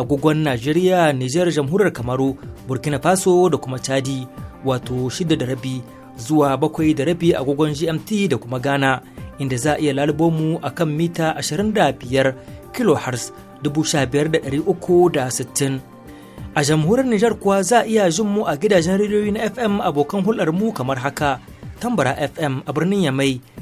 agogon Najeriya, Nijar jamhuriyar Kamaru, Burkina Faso da kuma Chadi wato shida da rabi zuwa bakwai da rabi agogon GMT da kuma Ghana inda za a iya lalubo mu a kan mita 25 kHz 15,360. A jamhuriyar Nijar kuwa za a iya jin mu a gidajen rediyoyi na FM abokan hulɗar mu kamar haka, Tambara FM a birnin Yamai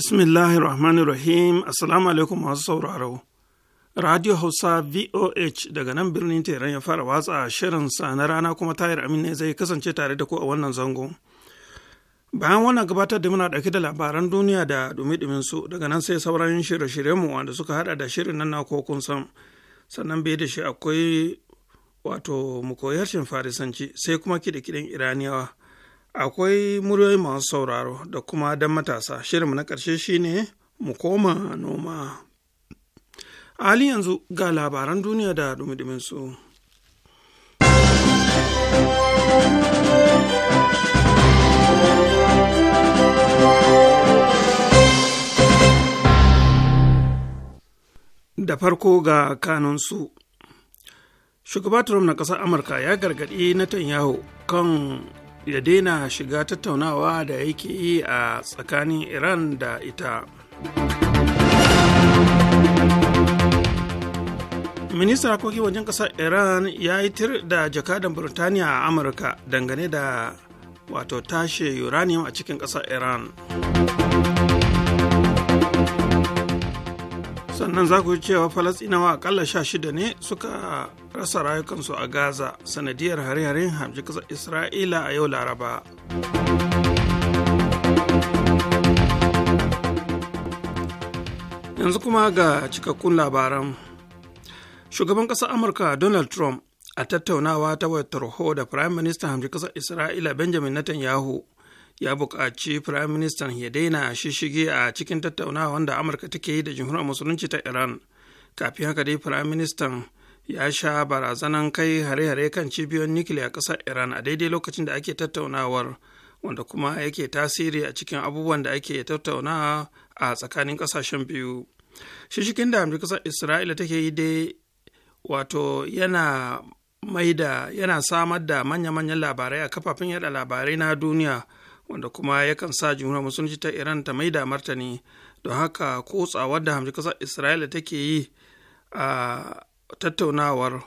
Bismillahi Rahmanir Rahim, Assalamu alaikum masu sauraro. Radio Hausa VOH daga nan birnin Teran ya fara watsa shirin sa na rana kuma tayar amin ne zai kasance tare da ku a wannan zango Bayan wannan gabatar da muna ɗauke da labaran duniya da dumi dumin su daga nan sai sauran shirye mu wanda suka haɗa da shirin nan na kun san sannan bai da shi akwai wato mu koyar shin farisanci sai kuma kiɗe-kiɗen iraniyawa akwai muryoyi masu sauraro da kuma don matasa shirinmu na ƙarshe shine mu koma noma halin yanzu ga labaran duniya da dumi su. da farko ga kanunsu shugaba trump na ƙasar amurka ya gargaɗi netanyahu kan ya daina shiga tattaunawa da yake yi a tsakanin iran da ita ministan harkokin wajen ƙasar iran ya yi tir da jakadan burtaniya a amurka dangane da wato tashe uranium a cikin ƙasar iran sannan za ku cewa falasinawa akalla sha shida ne suka rasa rayukansu a gaza sanadiyar hare-haren hamji kasar isra'ila a yau laraba yanzu kuma ga cikakkun labaran shugaban ƙasar amurka donald trump a tattaunawa ta wayar ho da prime minister hamji kasar isra'ila benjamin netanyahu ya buƙaci prime minister ya daina shishige a cikin tattaunawa wanda amurka take yi da jamhuriyar musulunci ta iran kafin haka dai firaministan minister. ya sha barazanan kai hare-hare kan cibiyoyin nukiliya ƙasar iran a daidai lokacin da ake tattaunawar wanda kuma yake tasiri a cikin abubuwan da ake tattaunawa a tsakanin ƙasashen biyu shishikin da ƙasar isra'ila take yi dai wato yana maida yana samar da manya-manyan labarai a kafafen yada labarai na duniya wanda kuma yakan sa jumhuriyar musulunci ta iran ta maida martani don haka kotsawar da amurka ƙasar isra'ila take yi a tattaunawar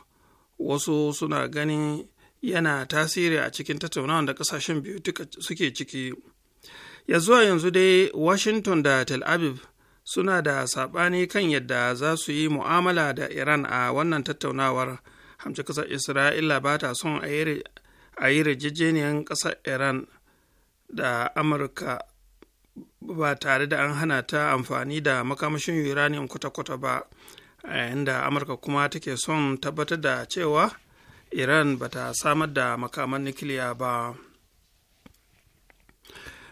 wasu suna ganin yana tasiri a cikin tattaunawar da kasashen biyu suke ciki ya zuwa yanzu dai washington da tel aviv suna da saɓani kan yadda za su yi mu'amala da iran a wannan tattaunawar hamci kasar isra'ila ba ta son a yi rijijeniyar ƙasar iran da amurka ba tare da an hana ta amfani da makamashin uranium kwata-kwata ba yayin da amurka kuma take son tabbatar da cewa iran ba ta samar da makaman nukiliya ba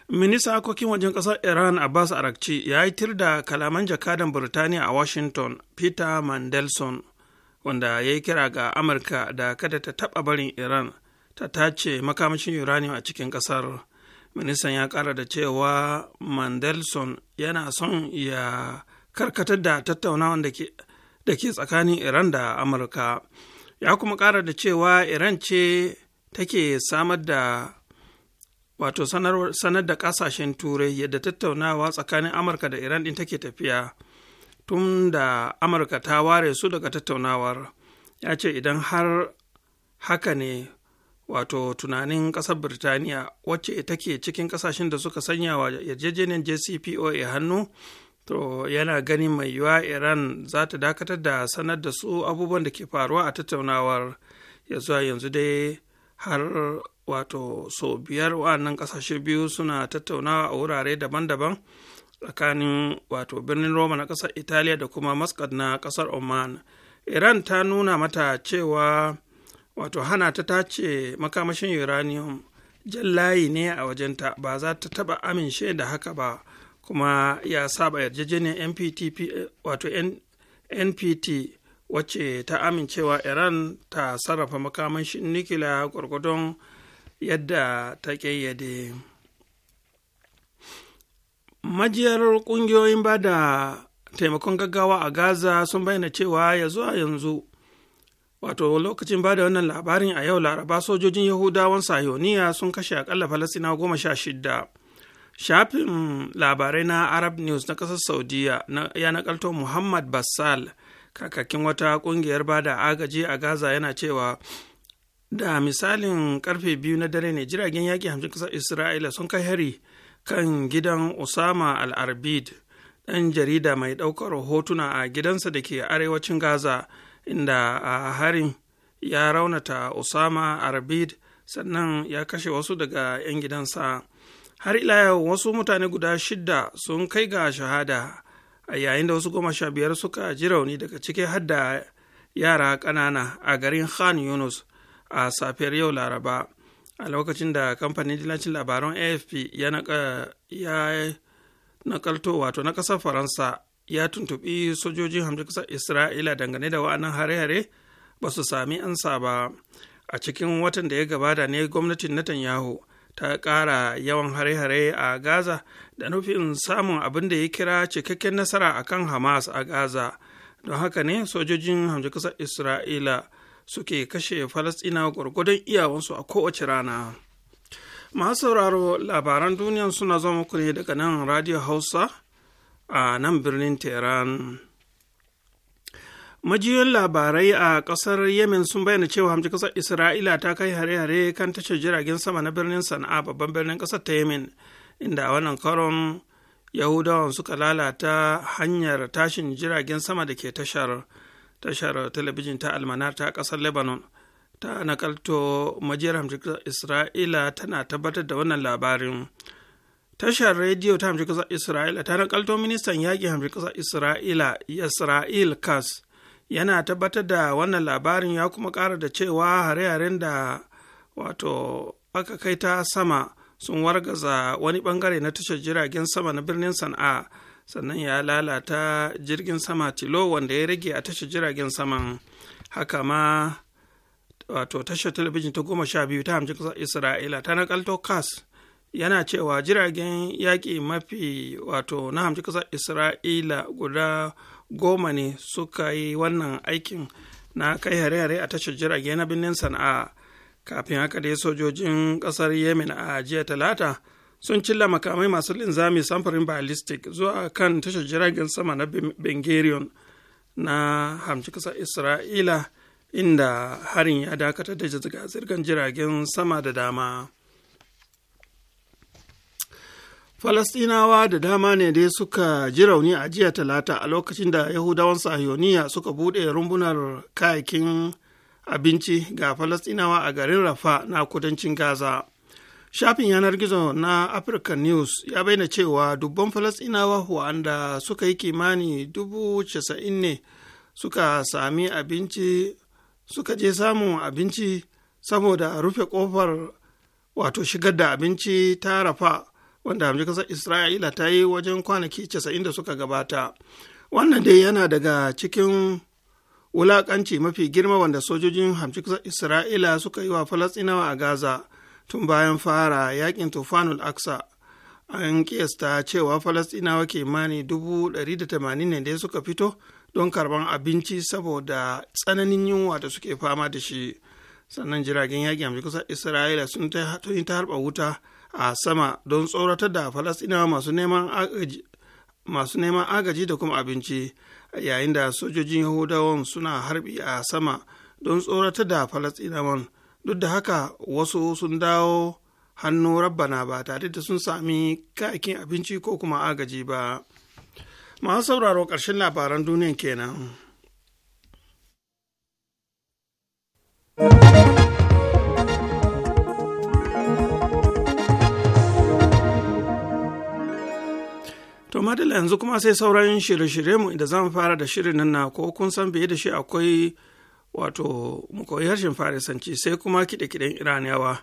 minista harkokin wajen kasar iran abbas arakci ya yi tir da kalaman jakadan burtaniya a washington peter mandelson wanda ya yi kira ga amurka da kada ta taba barin iran ta tace makamashin uranium a cikin kasar ministan ya kara da cewa mandelson yana son ya karkatar da tattaunawa da ke da ke tsakanin Iran da Amurka. Ya kuma ƙara da cewa Iran ce take samar da wato sanar da ƙasashen turai yadda tattaunawa tsakanin Amurka da Iran ɗin take tafiya tun da Amurka ta ware su daga tattaunawar. Ya ce idan har haka ne wato tunanin ƙasar Birtaniya wacce take cikin ƙasashen da suka sanya wa yarjejeniyar JCPOA hannu to yana ganin mai yiwuwa iran za ta dakatar da sanar da su abubuwan da ke faruwa a tattaunawar ya zuwa yanzu dai har wato so biyar wa'annan kasashe biyu suna tattaunawa a wurare daban-daban tsakanin wato birnin roma na ƙasar italiya da kuma muscat na ƙasar oman iran ta nuna mata cewa wato hana ta tace makamashin uranium jan layi ne a wajenta ba za ta taɓa amince da haka ba kuma ya saba yarjejeniyar nptp wato npt wacce ta amincewa iran ta sarrafa makamashin nikila gwargwadon yadda ta ƙayyade majiyar ƙungiyoyin ba da taimakon gaggawa a gaza sun bayyana cewa ya zuwa yanzu wato lokacin ba da wannan labarin a yau laraba sojojin yahudawan sayoniya sun kashe akalla falasina goma sha shida shafin labarai na arab news na ƙasar saudiya ya nakalto muhammad bassal kakakin wata ƙungiyar bada agaji a gaza yana cewa da misalin karfe biyu na dare ne jiragen yaƙi hamsin ƙasar isra'ila sun kai hari kan gidan usama al-arbid ɗan jarida mai ɗaukar hotuna a gidansa da ke arewacin gaza inda a harin ya raunata usama arbid sannan ya kashe wasu daga 'yan gidansa har ila yau wasu mutane guda shidda sun kai ga shahada a yayin da wasu goma sha biyar suka ji rauni daga cikin har yara ƙanana a garin khan yunus a safiyar yau laraba a lokacin da kamfanin dilancin labaran afp ya nakalto wato na ƙasar faransa ya tuntuɓi sojojin hamshin ƙasar isra'ila dangane da wa'annan hare-hare ba su sami ansa ba a cikin watan da ya gabata ne gwamnatin netanyahu ta ƙara yawan hare-hare a Gaza da nufin samun abin da ya kira cikakken nasara a kan Hamas a Gaza. Don haka ne sojojin hamji ƙasar Isra'ila suke kashe falastina gwargwadon iyawansu a kowace rana. Masu sauraro labaran duniya suna zama muku ne daga nan Radio Hausa a nan birnin Tehran. majiyoyin labarai a ƙasar yemen sun bayyana cewa hamci ƙasar isra'ila ta kai hare-hare kan tashar jiragen sama na birnin sana'a babban birnin ƙasar ta yemen inda a wannan karon yahudawan suka lalata hanyar tashin jiragen sama da ke tashar tashar talabijin ta almanar ta ƙasar lebanon ta nakalto majiyar hamci ƙasar isra'ila tana tabbatar da wannan labarin tashar rediyo ta hamci ƙasar isra'ila ta nakalto ministan yaƙi hamci ƙasar isra'ila yasra'il kas yana tabbatar da wannan labarin ya kuma kara da cewa hare-haren da wato aka kai ta sama sun wargaza wani bangare na tashar jiragen sama na birnin sana'a sannan ya lalata jirgin sama tilo wanda ya rage a tashar jiragen saman haka ma wato tashar talabijin ta goma sha biyu ta hamjin ƙasar isra'ila ta nakalto kas yana cewa jiragen yaƙi mafi wato na hamjin ƙasar isra'ila guda goma ne suka yi wannan aikin na kai hare-hare a tashar jirage na birnin sana'a kafin haka dai sojojin ƙasar yemen a jiya talata sun cilla makamai masu linzami samfurin ballistic zuwa kan tashar jiragen sama na bengarion na hamci ƙasar isra'ila inda harin ya dakatar da zirga-zirgar jiragen sama da dama. Falastinawa da dama ne dai suka ji rauni a jiya talata a lokacin da Yahudawan Sahiyoniya suka buɗe rumbunar kayakin abinci ga Falastinawa a garin Rafa na kudancin Gaza. Shafin yanar gizo na African News ya bayyana cewa dubban Falastinawa wanda suka yi kimani dubu casa'in ne suka sami abinci suka je samun abinci saboda rufe kofar wato shigar da abinci ta Rafa. wanda hamji kasar isra'ila ta yi wajen kwanaki casa'in da suka gabata wannan dai yana daga cikin wulakanci mafi girma wanda sojojin hamji kasar isra'ila suka yi wa falastinawa a gaza tun bayan fara yakin tufanul aksa an kiyasta cewa falastinawa kimani 180 ne da suka fito don karban abinci saboda tsananin yunwa da suke fama da shi sannan jiragen yaƙi hamji kasar isra'ila sun ta harba wuta a sama don tsoratar da falasɗinawa masu neman agaji da kuma abinci yayin da sojojin yahudawan suna harbi a sama don tsoratar da falasɗinawan duk da haka wasu sun dawo hannu rabbana ba tare da sun sami kayakin abinci ko kuma agaji ba masu sauraro ƙarshen labaran duniyan kenan. To madalla yanzu kuma sai sauran shirye-shirye mu da zan fara da shirin nan na ko kun san biye da shi akwai wato mu koyi harshen farisanci sai kuma kiɗe-kiɗen iraniyawa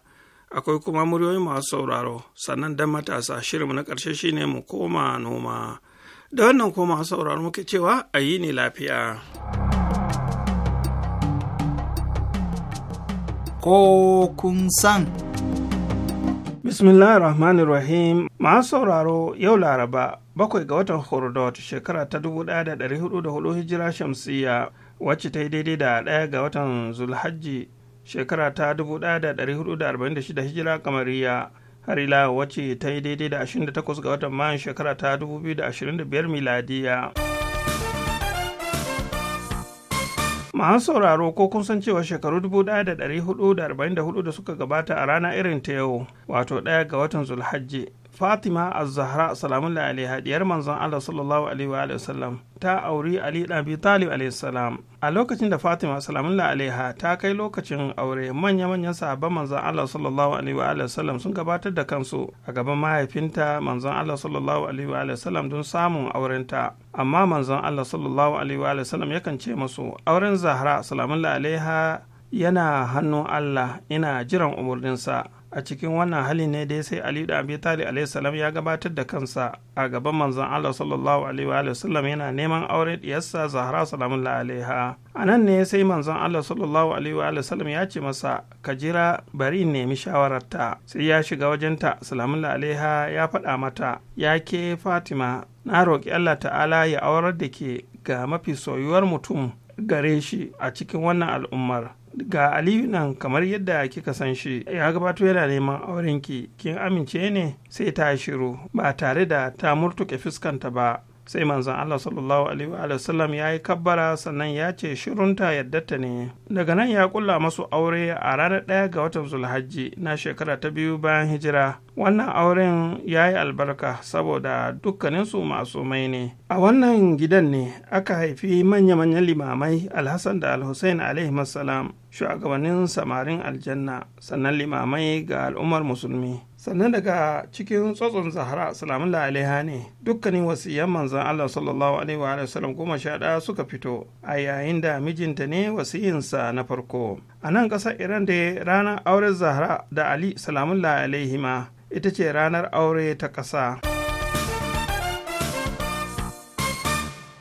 akwai kuma muryoyi masu sauraro sannan dan matasa shirinmu na ƙarshe shine mu koma noma da wannan koma masu sauraro muke cewa ayi yi ne lafiya. Ko kun san. bismillahir rahmanir rahim masu sauraro yau laraba bakwai ga watan Hurdot shekara ta 1404 hijira shamsiya wacce ta yi daidai da ɗaya ga watan zulhajji shekara ta 1446 hijira kamariya har ila wacce ta yi daidai da 28 ga watan mayan shekara ta 2025 miladiya. masu sauraro ko kun san cewa shekaru 1444 da suka gabata a rana irin ta yau wato ɗaya ga watan zulhajji fatima az-zahra salamun alaiha diyar manzon allah sallallahu alaihi wa sallam ta auri ali dan bi talib alaihi salam a lokacin da fatima salamun alaiha ta kai lokacin aure manya manyan sahabban manzon allah sallallahu alaihi wa sallam sun gabatar da kansu a gaban mahaifinta manzon allah sallallahu alaihi wa sallam don samun aurenta amma manzon allah sallallahu alaihi wa sallam yakan ce musu auren zahra salamun alaiha yana hannun allah ina jiran umarninsa a cikin wannan hali ne dai sai ali da abi talib alaihissalam ya gabatar da kansa a gaban manzon allah sallallahu alaihi wa sallam yana neman aure diyarsa zahra salamullahi alaiha a nan ne sai manzon allah sallallahu alaihi wa sallam ya ce masa ka jira bari in nemi shawararta sai ya shiga wajenta salamullahi alaiha ya faɗa mata ya ke fatima na roƙi allah ta'ala ya aurar da ke ga mafi soyuwar mutum gare shi a cikin wannan al'ummar ga aliyu nan kamar yadda kika san shi ya gabato yana neman aurenki kin amince ne sai ta shiru ba tare da ta murtuke fuskanta ba sai manzon Allah sallallahu alaihi wa sallam ya yi kabbara sannan ya ce shirunta yadda ne daga nan ya kulla masu aure a ranar ɗaya ga watan zulhajji na shekara ta biyu bayan hijira wannan auren ya yi albarka saboda dukkaninsu masumai ne a wannan gidan ne aka haifi manya-manyan limamai alhassan da alhussein alaihi shugabannin samarin aljanna sannan limamai ga al'ummar musulmi sannan daga cikin tsotson zahara salamun alaiha ne dukkanin wasiyan manzan allah sallallahu alaihi wa goma sha ɗaya suka fito a yayin da mijinta ne wasu yinsa na farko a nan ƙasar iran da ranar auren zahara da ali salamun alaihi ma ita ce ranar aure ta ƙasa.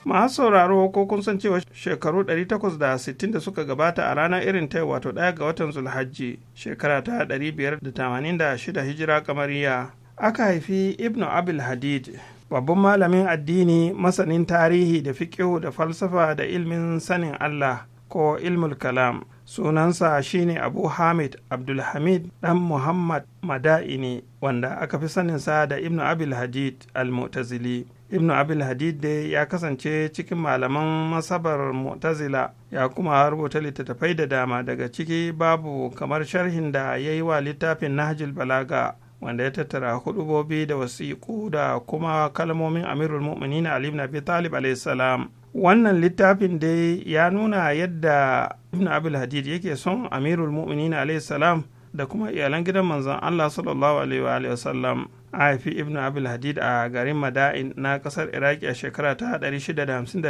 masu sauraro ko kun san cewa shekaru 860 da suka gabata a ranar irin ta wato ɗaya ga watan zulhajji shekara ta 586 hijira kamariya aka haifi ibnu abil hadid babban malamin addini masanin tarihi da fiqihu da falsafa da ilmin sanin allah ko ilmul kalam sunansa shine abu hamid abdulhamid dan muhammad mada'ini wanda aka fi saninsa da ibnu abil hadid al-mu'tazili ibnu abil hadid ya kasance cikin malaman masabar mu'tazila ya kuma rubuta littattafai da dama daga ciki babu kamar sharhin da ya yi wa littafin Nahjil balaga wanda ya tattara hudubobi da wasiƙu da kuma kalmomin amirul mu'minin ali ibn abi talib salam wannan littafin dai ya nuna yadda ibn abil hadid yake son amirul mu'minin salam da kuma iyalan gidan manzon allah sallallahu alaihi wa sallam a ibn abdul hadid a garin mada'in na kasar iraki a shekara ta 656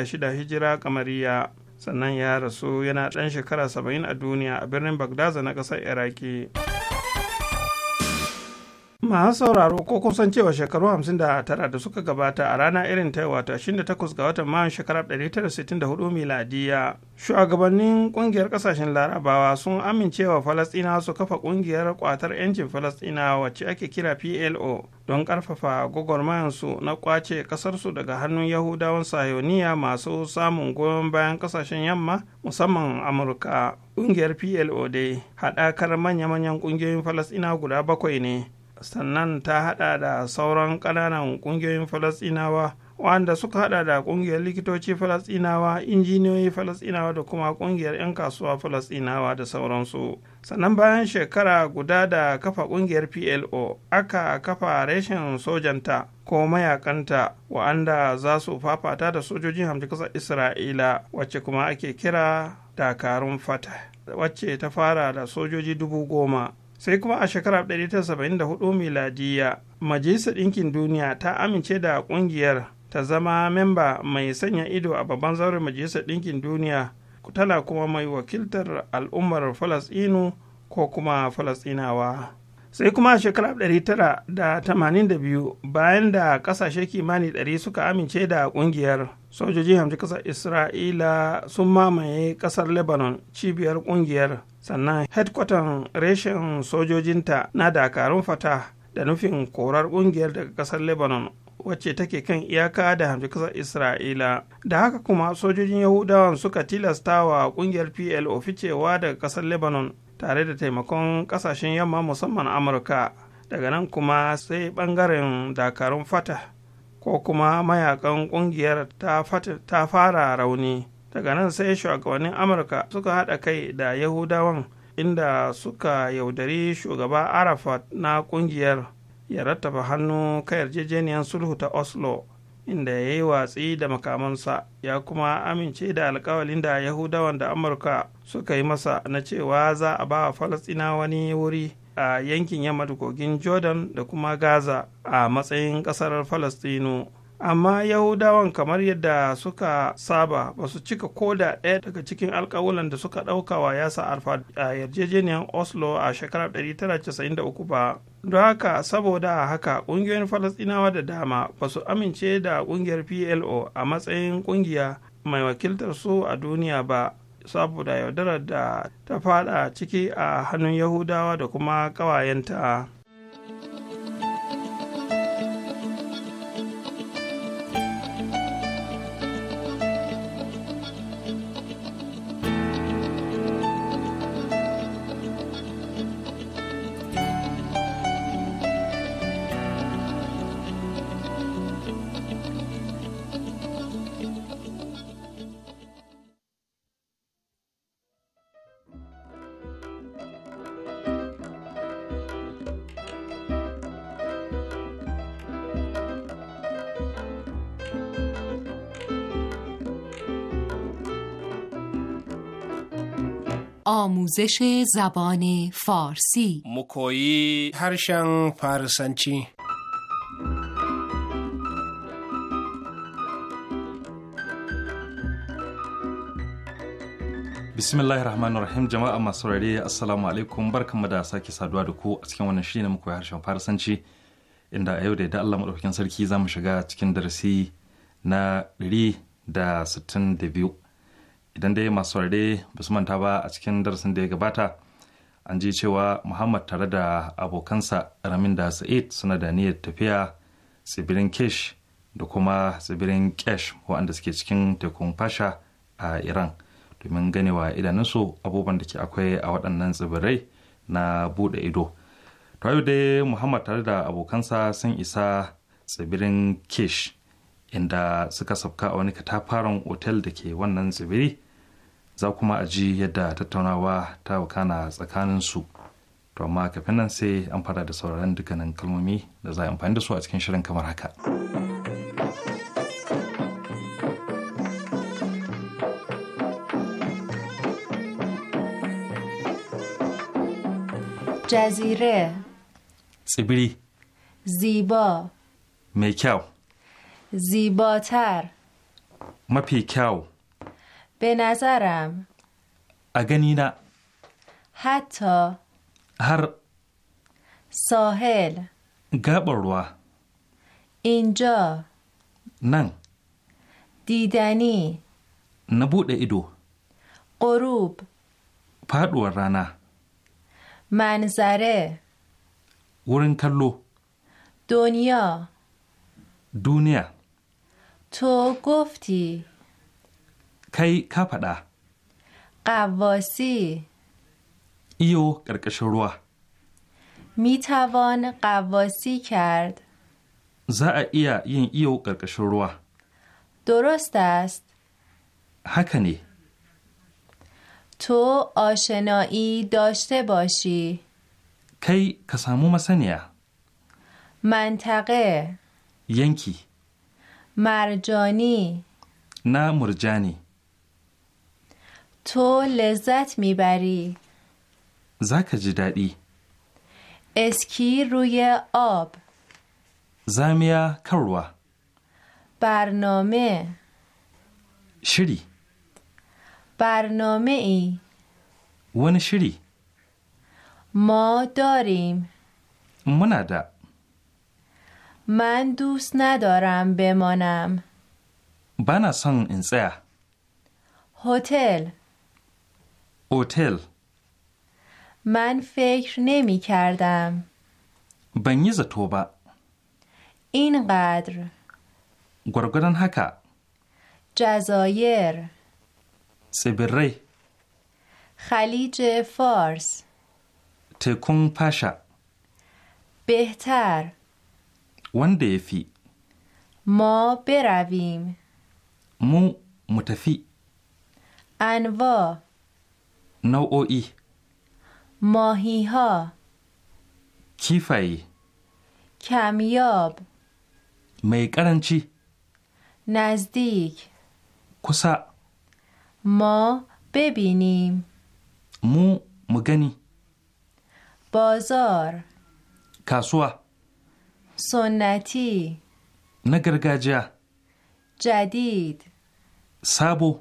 hijira kamariya sannan ya rasu yana ɗan shekara 70 a duniya a birnin bagdaza na kasar iraki masu sauraro ko kusan cewa shekaru 59 da suka gabata a rana irin ta wato 28 ga watan mayan shekarar 1964 miladiya shugabannin kungiyar kasashen larabawa sun amincewa falastina su kafa kungiyar kwatar 'yancin falastina wacce ake kira plo don karfafa su na kwace kasarsu daga hannun yahudawan sayoniya masu samun goyon bayan kasashen yamma musamman amurka kungiyar plo dai haɗakar manya-manyan kungiyoyin falastina guda bakwai ne sannan ta haɗa da sauran ƙananan ƙungiyoyin falasɗinawa wanda suka haɗa da ƙungiyar likitoci falasinawa injiniyoyi falasinawa da kuma ƙungiyar 'yan kasuwa falasinawa da sauransu sannan bayan shekara guda da kafa ƙungiyar plo aka kafa reshen sojanta ko mayakanta wa'anda za su fafata da sojojin hamdukasar isra'ila wacce kuma ake kira dakarun fata wacce ta fara da sojoji dubu goma sai kuma a shekarar 1974 miladiya majalisar ɗinkin duniya ta amince da ƙungiyar ta zama memba mai sanya ido a babban zauren majalisar ɗinkin duniya tana kuma mai wakiltar al'ummar falasɗinu ko kuma falasɗinawa sai kuma a shekarar 1982 bayan da ƙasashe kimani 100 suka amince da ƙungiyar sojoji hamshi ƙasar isra'ila sun mamaye ƙasar lebanon cibiyar ƙungiyar sannan hedkwatan reshen sojojinta na dakarun fata da nufin korar ƙungiyar daga ƙasar lebanon wacce take kan iyaka da hamshi kasar isra'ila da haka kuma sojojin yahudawan suka tilasta wa ƙungiyar plo ficewa daga ƙasar lebanon tare da taimakon ƙasashen yamma musamman amurka daga nan kuma sai ɓangaren dakarun fata ko kuma mayakan ƙungiyar ta fara rauni daga nan sai shugabannin amurka suka haɗa kai da yahudawan inda suka yaudari shugaba arafat na ƙungiyar ya rattaba hannu ka yarjejeniyar sulhu ta oslo inda ya yi watsi da makamansa ya kuma amince da alkawalin da yahudawan da amurka suka yi masa na cewa za a ba falastina wani wuri a yankin yamma kogin jordan da kuma gaza a matsayin ƙasar falastinu amma yahudawan kamar yadda suka saba ba su cika da ɗaya daga cikin alkawulan da suka ɗauka wa yasa alfa a yarjejeniyar oslo a shekarar 1993 ba don haka saboda haka ƙungiyoyin falasɗinawa da dama ba su amince da ƙungiyar plo a matsayin ƙungiya mai wakiltar su a duniya ba saboda yaudarar da ta fada ciki a hannun yahudawa da kuma ƙawayenta. آموزش زبان فارسی مکویی هرشن فارسنچی bismillahi rahmanir rahim jama'a masu saurare assalamu alaikum barkanmu da sake saduwa da ku a cikin wannan shiri na muku harshen farisanci inda a yau da yadda Allah madaukakin sarki za mu shiga cikin darasi na 162 idan dai masu saurare ba su manta ba a cikin darasin da ya gabata an ji cewa muhammad tare da abokansa ramin da sa'id suna da niyyar tafiya tsibirin kesh da kuma tsibirin kesh waɗanda suke cikin tekun fasha a iran domin ganewa idanunsu abubuwan da ke akwai a waɗannan tsibirai na buɗe ido yau dai muhammad tare da abokansa sun isa tsibirin kesh inda suka sabka a wani katafaren otel da ke wannan tsibiri za kuma a ji yadda tattaunawa ta wakana tsakanin su to amma kafin nan sai an fara da sauraron dukkanin kalmomi da za a amfani da su a cikin shirin kamar haka. Tsibiri. ziba mai kyau. Zibotar. Mafi kyau. به نظرم اگنینا حتی هر ساحل گابروا اینجا نن دیدنی نبود ایدو غروب فادوار رانا منظره ورن کلو دنیا دنیا تو گفتی کی کا فدا قواسی ایو کرکش روا می توان قواسی کرد زا ایا این ایو کرکش روا درست است هکنی تو آشنایی داشته باشی کی کسامو مسنیا منطقه ینکی مرجانی نه مرجانی تو لذت میبری زک جدادی اسکی روی آب زمیا کروا برنامه شری برنامه ای ون شری ما داریم مندا من دوست ندارم بمانم بنا سن انسه هتل اوتل من فکر نمی کردم بنیز توبه اینقدر گرگرن هکا جزایر سبری خلیج فارس تکون پاشا بهتر ونده فی ما برویم مو متفی انواع نوعی ماهی ها کیفایی کمیاب می کرنچی نزدیک کسا ما ببینیم مو مگنی بازار کاسوا سنتی نگرگاجا جدید سابو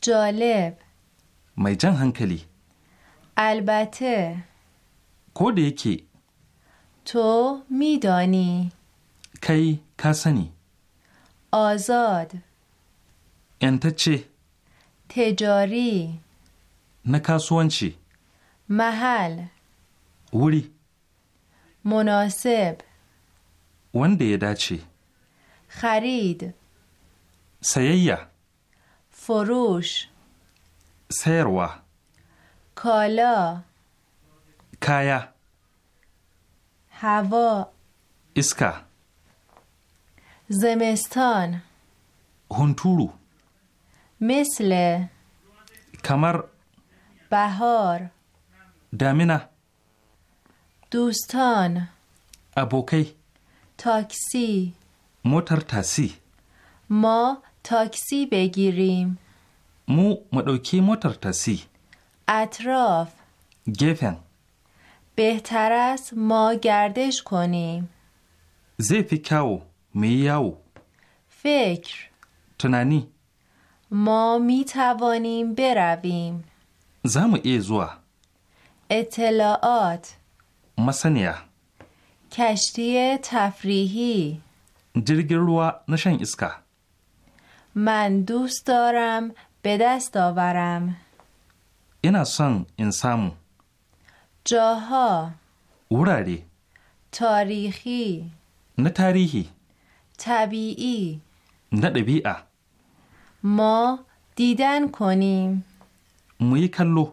جالب می جنگ کلی البته کده تو می دانی کهی کسنی آزاد انت چه تجاری نکاسون چی محل وری مناسب ونده ده چی خرید سیه فروش سیروا کالا کایا هوا اسکا زمستان هنتورو مثل کمر بهار دامنه دوستان ابوکی تاکسی موتر تاسی ما تاکسی بگیریم مو مدوکی موتر تسی اطراف گفن بهتر است ما گردش کنیم زی فکاو میاو فکر تنانی ما می توانیم برویم زم ایزوا اطلاعات مسنیا کشتی تفریحی جرگ روا نشن اسکا من دوست دارم به دست آورم این سن این سامو جاها اوراری تاریخی نه تاریخی طبیعی نه طبیعه ما دیدن کنیم موی کلو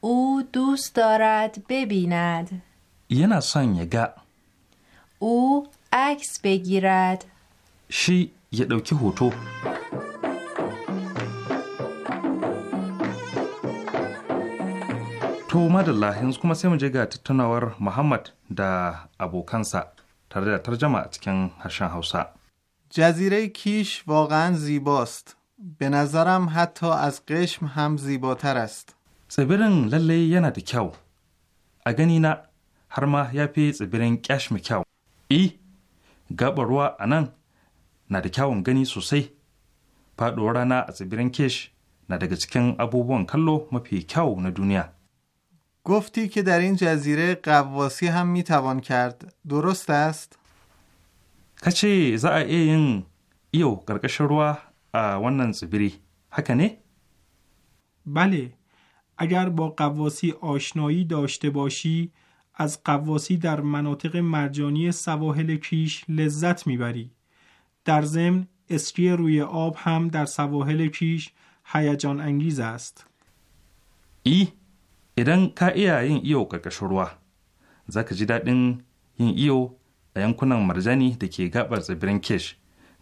او دوست دارد ببیند یه نسان یگا او عکس بگیرد شی یه دوکی هوتو To madalla yanzu kuma sai mu je ga tattaunawar Muhammad da abokansa tare da tarjama a cikin harshen Hausa. Jazirai Kish واقعا zibost, به نظرم حتی از قشم هم زیباتر tsibirin lalle yana da kyau a gani na har ma ya fi tsibirin mu kyau i e, gaɓar ruwa a nan na da kyawun gani sosai faɗuwar rana a tsibirin kesh na daga cikin abubuwan kallo mafi kyau na duniya گفتی که در این جزیره قواسی هم میتوان کرد درست است؟ کچی زا این ایو گرگش روا ونن زبری حکنه؟ بله اگر با قواسی آشنایی داشته باشی از قواسی در مناطق مرجانی سواحل کیش لذت میبری در ضمن اسکی روی آب هم در سواحل کیش هیجان انگیز است ای idan ka iya yin iyo ƙarƙashin ruwa za ka ji daɗin yin iyo a yankunan marjani da ke gabar tsibirin kish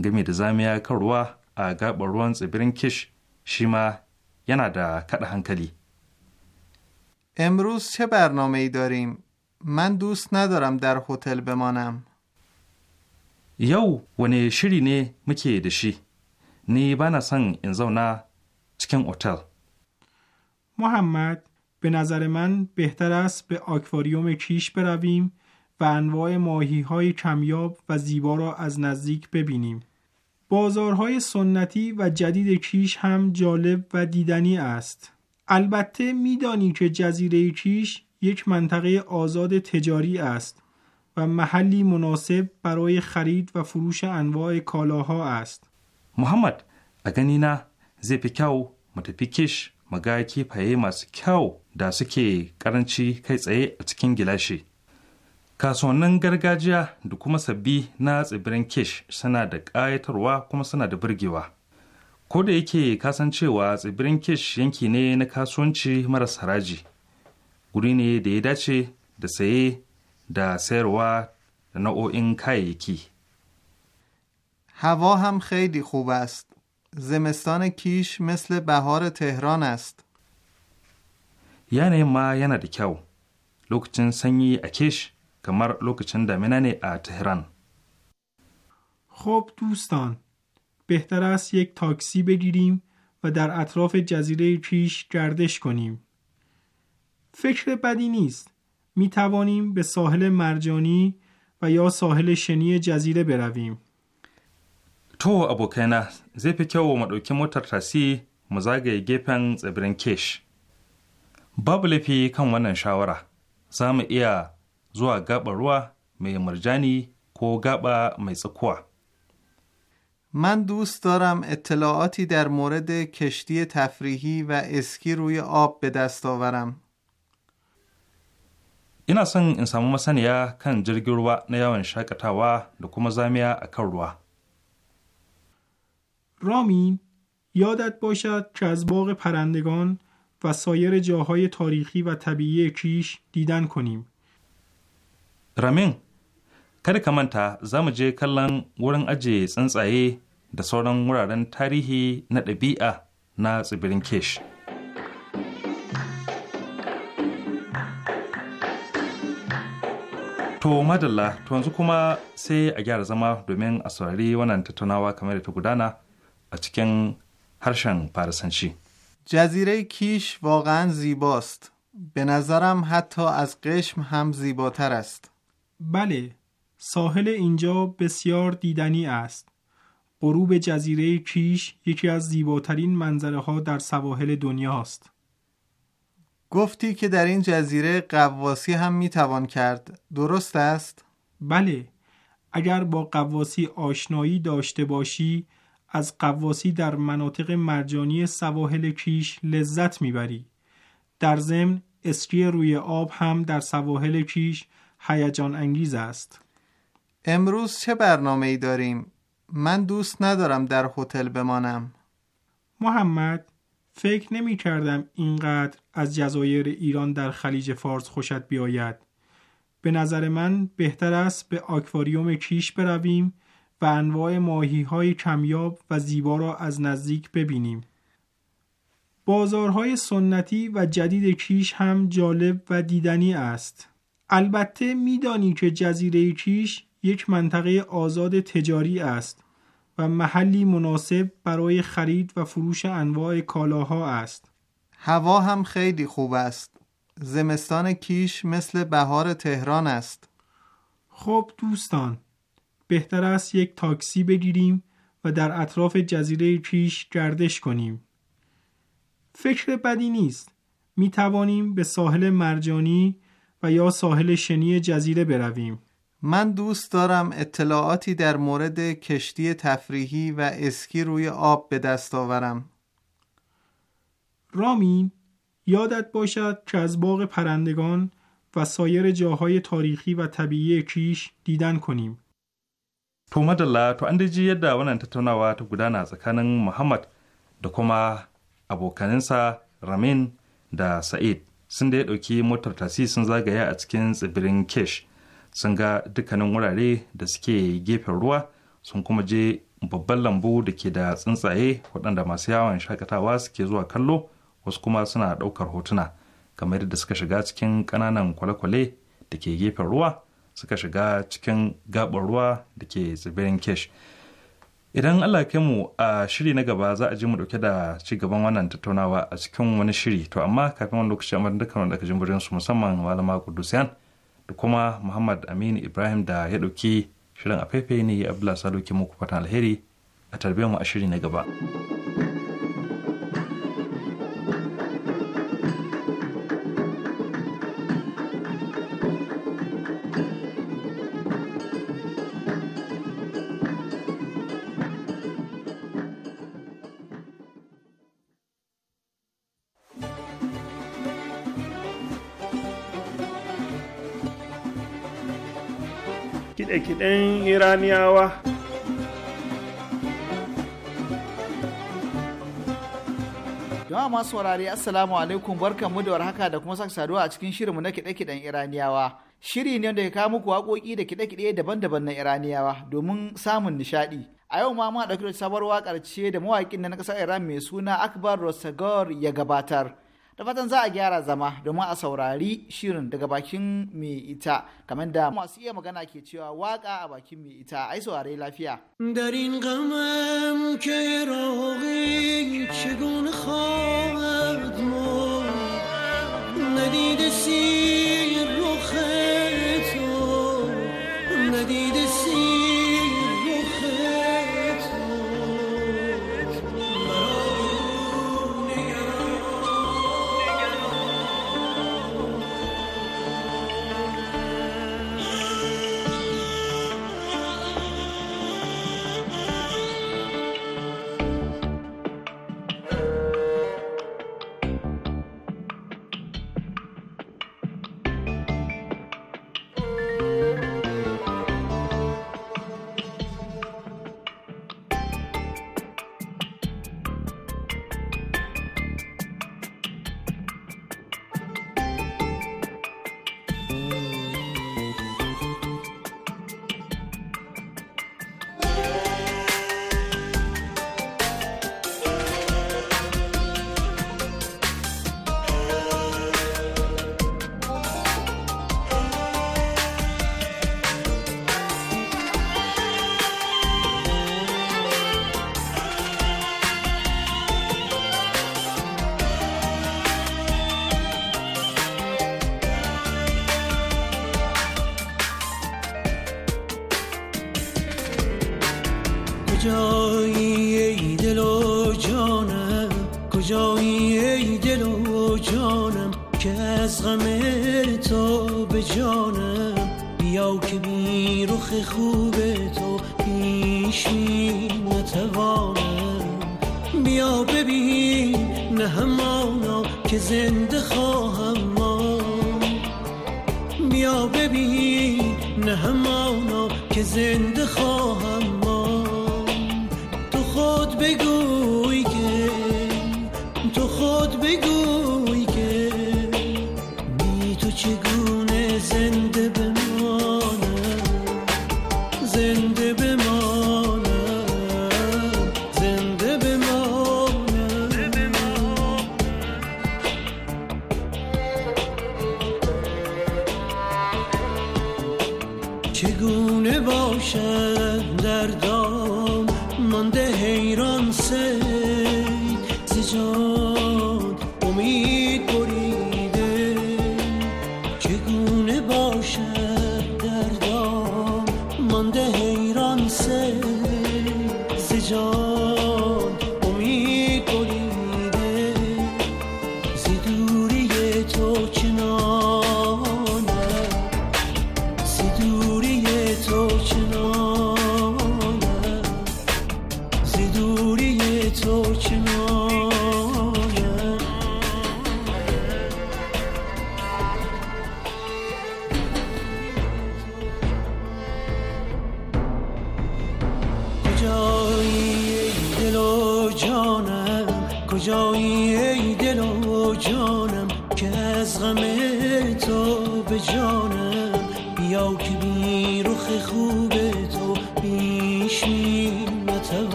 game da zamiya kan ruwa a gabar ruwan tsibirin kish shi ma yana da kaɗa hankali امروز چه برنامه ای داریم؟ من دوست ندارم در هتل بمانم. یو in شری نه مکی دشی. نی بنا سن این زونا چکن هتل. محمد به نظر من بهتر است به آکواریوم کیش برویم و انواع ماهی های کمیاب و زیبا را از نزدیک ببینیم. بازارهای سنتی و جدید کیش هم جالب و دیدنی است. البته میدانی که جزیره کیش یک منطقه آزاد تجاری است و محلی مناسب برای خرید و فروش انواع کالاها است. محمد اگنینا زپکاو، زی maga kifaye masu kyau da suke karanci kai tsaye a cikin gilashi. Kasuwannin gargajiya da kuma sabbi na tsibirin Kish suna da ƙayatarwa kuma suna da burgewa. Ko da yake kasancewa tsibirin Kish yanki ne na kasuwanci maras haraji, guri ne da ya dace da saye da sayarwa da na'o'in kayayyaki. Hawa ham خیلی خوب زمستان کیش مثل بهار تهران است. یعنی ما یعنی لوکچن سنگی اکیش کمر لوکچن ا تهران. خب دوستان بهتر است یک تاکسی بگیریم و در اطراف جزیره کیش گردش کنیم. فکر بدی نیست. می توانیم به ساحل مرجانی و یا ساحل شنی جزیره برویم. To abokaina zai fi kyau mu ɗauki motar tasi mu zagaye gefen tsibirin Kesh. Babu laifi kan wannan shawara, za mu iya zuwa gaba ruwa mai murjani ko gaba mai tsakuwa. من دوست دارم اطلاعاتی در مورد کشتی تفریحی و اسکی روی آب به دست آورم. ina son in samu masaniya kan jirgin ruwa na yawon shakatawa da kuma zamiya a kan ruwa. رامین یادت باشد که از باغ پرندگان و سایر جاهای تاریخی و طبیعی کیش دیدن کنیم. رامین که کمانتا تا جه کلان ورن اجی سنس ای دستوران ورن تاریخی نت بیا نا کیش. تو مدل تو انزو کما سی اگر زما دومین اسراری ونان تتوناوا کمیری تو جزیره کیش واقعا زیباست به نظرم حتی از قشم هم زیباتر است بله ساحل اینجا بسیار دیدنی است غروب جزیره کیش یکی از زیباترین منظره ها در سواحل دنیا است گفتی که در این جزیره قواسی هم میتوان کرد درست است؟ بله اگر با قواسی آشنایی داشته باشی از قواسی در مناطق مرجانی سواحل کیش لذت میبری در ضمن اسکی روی آب هم در سواحل کیش هیجان انگیز است امروز چه برنامه ای داریم؟ من دوست ندارم در هتل بمانم محمد فکر نمی کردم اینقدر از جزایر ایران در خلیج فارس خوشت بیاید به نظر من بهتر است به آکواریوم کیش برویم و انواع ماهی های کمیاب و زیبا را از نزدیک ببینیم. بازارهای سنتی و جدید کیش هم جالب و دیدنی است. البته میدانی که جزیره کیش یک منطقه آزاد تجاری است و محلی مناسب برای خرید و فروش انواع کالاها است. هوا هم خیلی خوب است. زمستان کیش مثل بهار تهران است. خب دوستان بهتر است یک تاکسی بگیریم و در اطراف جزیره کیش گردش کنیم. فکر بدی نیست. می توانیم به ساحل مرجانی و یا ساحل شنی جزیره برویم. من دوست دارم اطلاعاتی در مورد کشتی تفریحی و اسکی روی آب به دست آورم. رامین یادت باشد که از باغ پرندگان و سایر جاهای تاریخی و طبیعی کیش دیدن کنیم. To madalla to an ji yadda wannan tattaunawa ta gudana tsakanin Muhammad da kuma abokaninsa Ramin da Sa'id sun da ya ɗauki motar tasi sun zagaya a cikin tsibirin Kesh sun ga dukkanin wurare da suke gefen ruwa sun kuma je babban lambu da ke da tsuntsaye waɗanda masu yawon shakatawa suke zuwa kallo wasu kuma suna ɗaukar hotuna kamar yadda suka shiga cikin ƙananan kwale-kwale da ke gefen ruwa suka shiga cikin gabar ruwa da ke tsibirin kesh idan allah kai mu a shiri na gaba za a ji mu dauke da ci gaban wannan tattaunawa a cikin wani shiri to amma kafin wani lokaci amma dukkan wanda ka jimburin su musamman malama kudusiyan da kuma muhammad aminu ibrahim da ya dauki shirin a ne abdullahi salo ke muku fatan alheri a tarbe mu a shiri na gaba. kiɗe-kiɗen iraniyawa jama'a masu saurari assalamu alaikum barkanmu da warhaka da kuma saka saduwa a cikin shirinmu na kiɗe-kiɗen iraniyawa shiri ne da ya kawo muku waƙoƙi da kiɗe-kiɗe daban-daban na iraniyawa domin samun nishaɗi a yau ma ma ɗauki da sabuwar waƙar ce da mawaƙin na ƙasar iran mai suna akbar rosagor ya gabatar da fatan za a gyara zama domin a saurari shirin daga bakin mai ita kamar da masu iya magana ke cewa waka a bakin mai ita ai saurari lafiya در da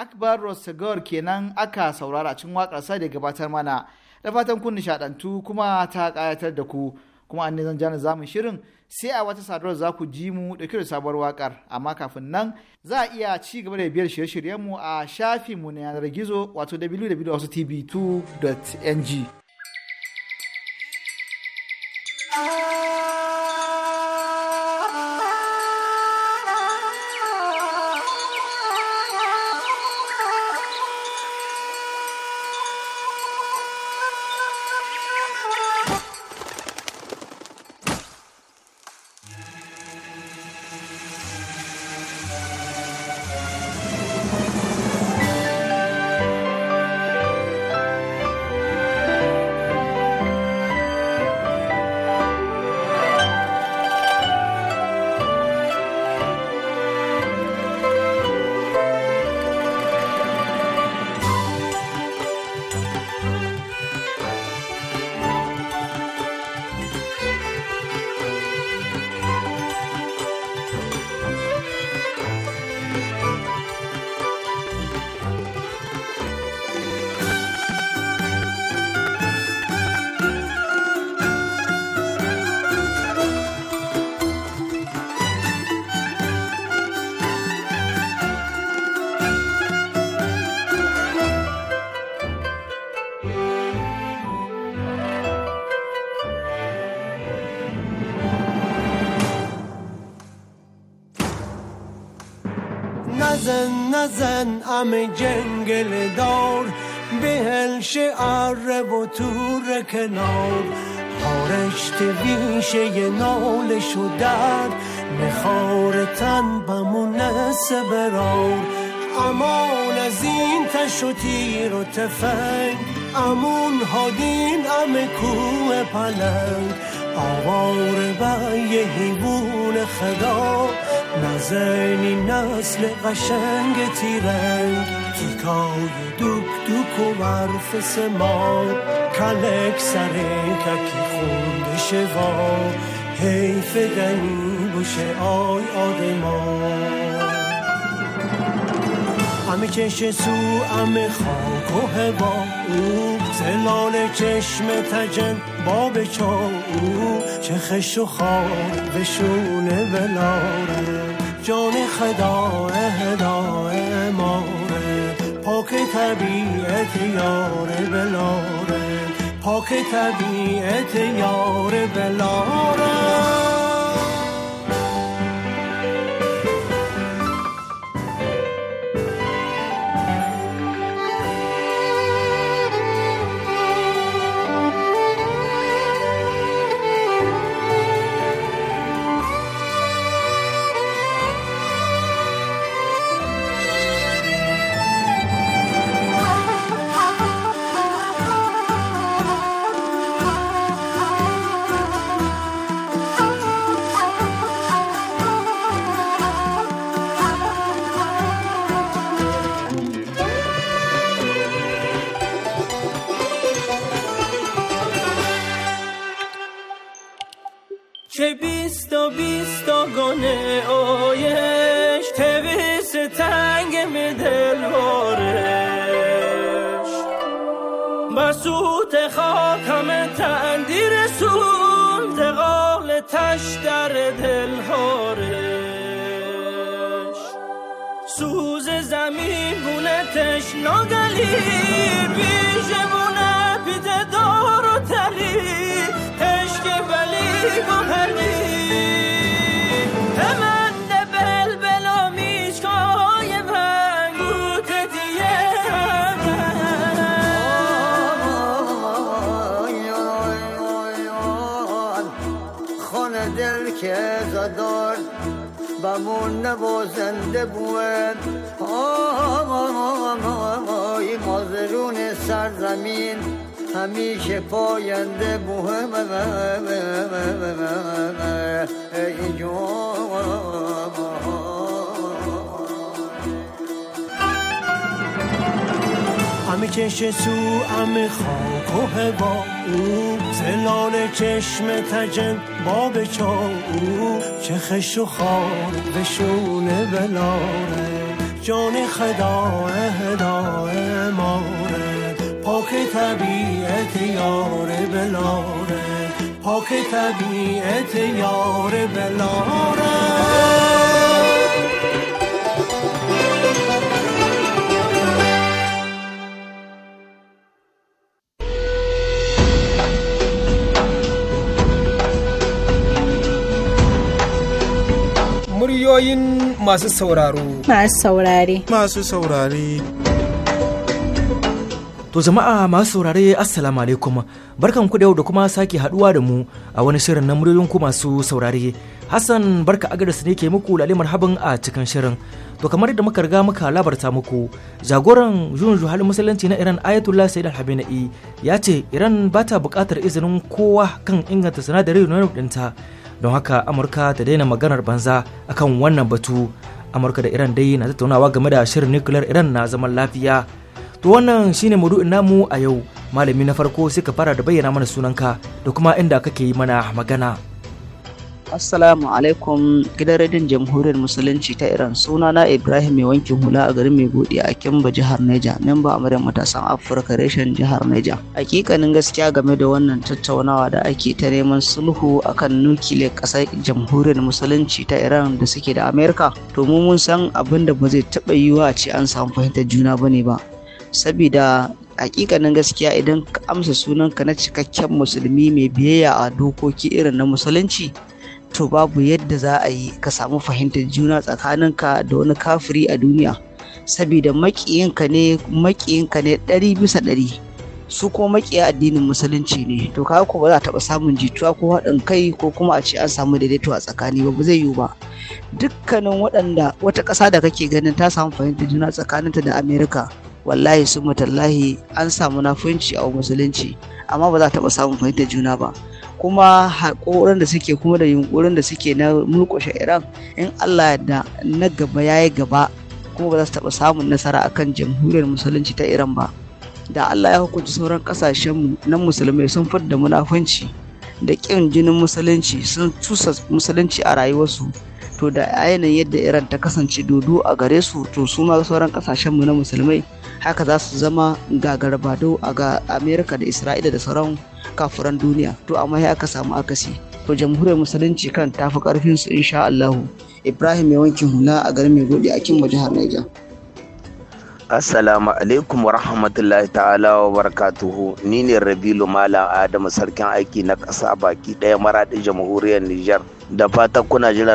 akbar rostegor kenan aka saurara wakar wakarsa da gabatar mana da fatan kun nishadantu kuma ta kayatar da ku kuma an zan jana zamun shirin sai a wata sadarwar za ku ji mu da da sabuwar wakar amma kafin nan za a iya ci gaba da biyar shirye shiryen mu a shafinmu na yanar gizo wato www.tv2.ng غم جنگل دار هلش شعر اره و تور کنار هارشت بیشه نالش و درد بخار تن بمونس برار امان از این تش و تیر و امون هادین ام کوه پلنگ آوار بای هیبون خدا زنی نسل قشنگ تیرنگ تیکای دوک دوک و ورف سما کلک سر ککی خونده شوا حیف دنی بوشه آی آدمان همه چش سو همه خاک و هوا او زلال چشم تجن باب چا او چه خش و خواب به شونه بلاره جان خدا هدای ماره پاک طبیعت یار بلاره پاک طبیعت یار بلاره بسوت بسوط خاک همه تندی رسون دقال تش در دل هارش سوز زمین تش ناگلی بیشه بونه پیده دار و تلی تشک ولی گوهر نوازنده بود آقای مازرون سرزمین همیشه پاینده بوه همه کش سو همه خاک و هوا او زلال چشم تجن باب چا او چه خش و خار به شونه بلاره جان خدا اهدا اماره پاک طبیعت یار بلاره پاک طبیعت یار بلاره masu sauraro. Masu saurare. Masu saurare. To jama'a masu saurare assalamu alaikum barkan ku da yau da kuma sake haduwa da mu a wani shirin na muryoyin ku masu saurare Hassan barka agaris ne ke muku lalle marhaban a cikin shirin to kamar yadda muka riga muka labarta muku jagoran yun juhal musulunci na Iran Ayatullah Sayyid al ya ce Iran bata bukatar izinin kowa kan inganta sanadarin uranium ɗinta don haka amurka ta daina maganar banza akan wannan batu amurka da iran dai na tattaunawa game da shirin nuclear iran na zaman lafiya to wannan shine maudu'in namu a yau malami na farko sai ka fara da bayyana mana sunanka da kuma inda kake yi mana magana Assalamu alaikum gidan radin jamhuriyar musulunci ta Iran suna na Ibrahim mai wankin hula a garin mai godi a Kimba jihar Neja memba amaryar matasan Afirka reshen jihar Neja. Hakikanin gaskiya game da wannan tattaunawa da ake ta neman sulhu akan nukile kasar jamhuriyar musulunci ta Iran da suke da Amerika to mu mun san abinda ba zai taba yiwa a ce an samu fahimtar juna bane ba. Sabida hakikanin gaskiya idan ka amsa sunanka na cikakken musulmi mai biyayya a dokoki irin na musulunci to babu yadda za a yi ka samu fahimtar juna tsakaninka da wani kafiri a duniya saboda makiyinka ne makiyinka ne ɗari bisa ɗari su ko makiya addinin musulunci ne to ka ko ba za taɓa samun jituwa ko haɗin kai ko kuma a ce an samu daidaito a tsakani ba zai yiwu ba dukkanin waɗanda wata ƙasa da kake ganin ta samu fahimtar juna tsakaninta da amerika wallahi su matallahi an samu nafunci a musulunci amma ba za a taɓa samun fahimtar juna ba kuma haƙorin da suke kuma da yunƙurin da suke na mulkushe iran in allah da na gaba ya yi gaba kuma ba za su taɓa samun nasara a akan jamhuriyar musulunci ta iran ba da allah ya hukunci sauran ƙasashenmu na musulmai sun fadda munafunci da ƙin jinin musulunci sun cusa musulunci a rayuwarsu to da yanayin yadda iran ta kasance dodo a gare su to su ma sauran ƙasashenmu na musulmai haka za su zama garbado a ga amerika da isra'ila da sauran kafuran duniya to amma ya aka samu akasi to jamhuriyar musulunci kan tafi karfin su insha allahu ibrahim ya wankin hula a garin mai gode a kin jihar niger Assalamu alaikum rahmatullahi ta'ala wa barakatuhu ni ne Rabilu Malam Adamu sarkin aiki na ƙasa baki ɗaya maraɗi jamhuriyar Nijar. Da fatan kuna jiran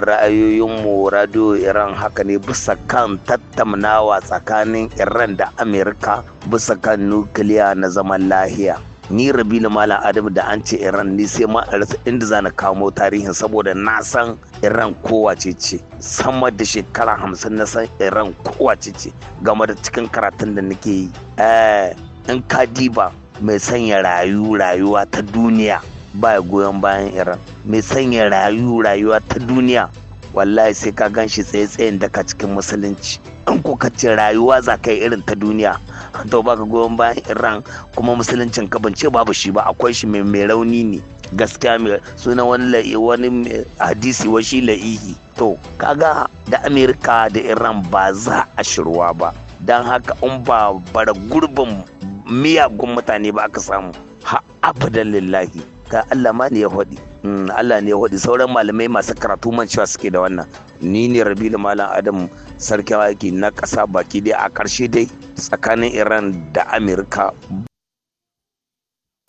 mu radio Iran haka ne bisa kan tattaunawa tsakanin Iran da Amerika bisa kan nukiliya na zaman lahiya. ni na malam Adamu da an ce iran ni sai ma rasa inda zana kamo tarihin saboda na san iran kowa ce ce sama da shekara hamsin na san iran kowa ce ce game da cikin karatun da nake yi eh, in ka diba mai sanya rayu rayuwa ta duniya ba goyon bayan iran mai sanya rayu rayuwa ta duniya wallahi sai ka gan shi tsaye-tsayen daga cikin musulunci in ko ka ce rayuwa za ka yi irin ta duniya to ka goyon bayan iran kuma musuluncin ka bance babu shi ba akwai shi mai rauni ne gaskiya mai suna wani wani hadisi wa la'ihi to kaga da amerika da iran ba za a shirwa ba don haka in ba bara gurbin miyagun mutane ba aka samu ha abadan lillahi ka Allah ma ne ya hodi mm, Allah ne ya hodi sauran malamai masu karatu man cewa suke da wannan ni ne da Malam Adam sarkin aiki na ƙasa baki dai a ƙarshe dai tsakanin Iran da Amurka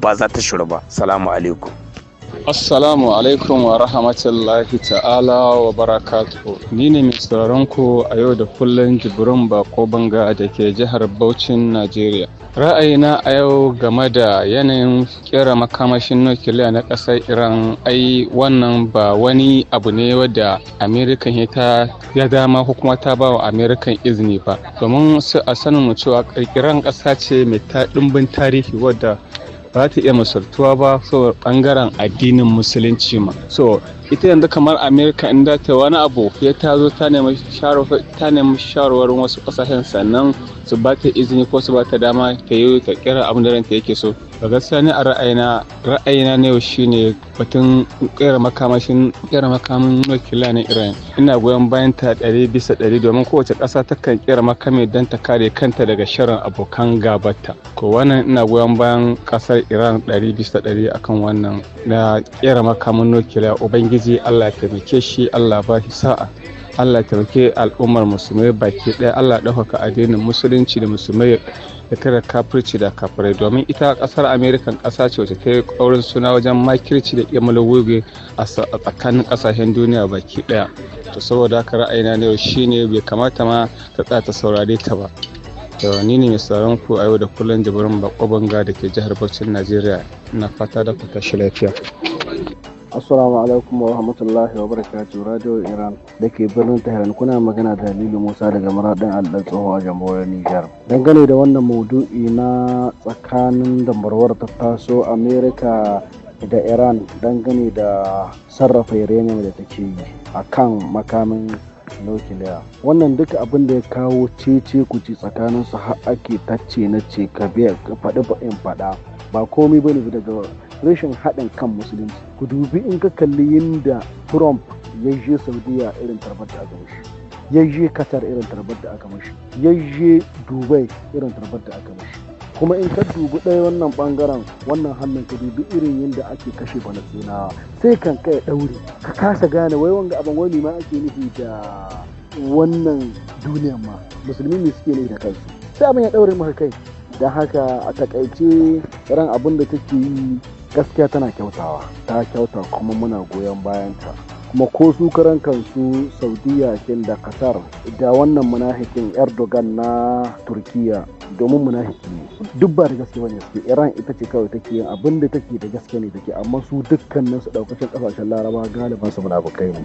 ba za ta shura ba salamu alaikum Assalamu alaikum wa rahmatullahi ta'ala wa barakatuhu. Ni ne mai sauraron ku a yau da kullun Jibrin Bako Banga da ke jihar Bauchin, Najeriya. Ra'ayina a yau game da yanayin kera makamashin nukiliya na ƙasar Iran ai wannan ba wani abu ne wadda Amerikan ta ya dama ko kuma ta ba wa Amerikan izini ba. Domin su a sanin mu cewa ƙirƙiran ƙasa ce mai ta ɗimbin tarihi wadda ba ta iya masaltuwa ba saboda bangaren addinin musulunci ma so ita yanzu kamar america inda ta wani abu ya ta zo ta nemi shawarwarin wasu kasashen sannan su ba ta izini ko su ba ta dama ta yi ta kira abin da ranta yake so ga gaskiya ne a ra'ayina ra'ayina ne shine batun kera makamashin kera makamin nukiliya na iran ina goyon bayan ta ɗari bisa ɗari domin kowace ƙasa takan kera makami don ta kare kanta daga shirin abokan gabata ko wannan ina goyon bayan ƙasar iran ɗari bisa ɗari akan wannan na kera makamin nukiliya ubangiji ubangiji allah ya taimake shi allah ba shi sa'a allah ya taimake al'ummar musulmai baki daya allah ya ɗaukaka addinin musulunci da musulmai da tara kafirci da kafirai domin ita kasar america kasa ce wacce ta yi kaurin suna wajen makirci da kemala wuge a tsakanin kasashen duniya baki daya to saboda haka ra'ayina na yau shine bai kamata ma ta tsaya ta saurare ta ba to ni ne mai sauran ku a yau da kullum jibirin bakwabanga da ke jihar bacin najeriya na fata da ku shi lafiya Assalamu alaikum wa rahmatullahi wa barakatuh Radio Iran da ke birnin Tehran kuna magana da Halilu Musa daga maradin Allah tsoho a jamhuriyar Nijar. Dangane da wannan maudu'i na tsakanin dambarwar ta taso Amerika da Iran dangane da sarrafa uranium da take yi a kan makamin nukiliya. Wannan duka abin da ya kawo cece kuci tsakanin su har ake tacce na ce ka faɗi ba in faɗa ba komai bane daga rashin haɗin kan musulunci ku dubi in ka kalli yadda trump ya je saudiya irin tarbar da aka mashi ya je qatar irin tarbar da aka mashi ya je dubai irin tarbar da aka mashi kuma in ka dubi ɗaya wannan ɓangaren wannan hannun ka dubi irin yadda ake kashe balastinawa sai kan kai ɗaure ka kasa gane wai wanga abin wani ma ake nufi da wannan duniyar ma musulmi ne suke ne da kansu sai abin ya ɗaure maka kai da haka a takaice ran abin da take yi gaskiya tana kyautawa ta kyauta kuma muna goyon bayanta kuma ko su karan kansu saudiya kin da qatar da wannan munafikin erdogan na turkiya domin munafiki ne duk ba da gaske bane su iran ita ce kawai take yin abin da take da gaske ne take amma su dukkanin su daukacin kasashen laraba galiban su bukai ne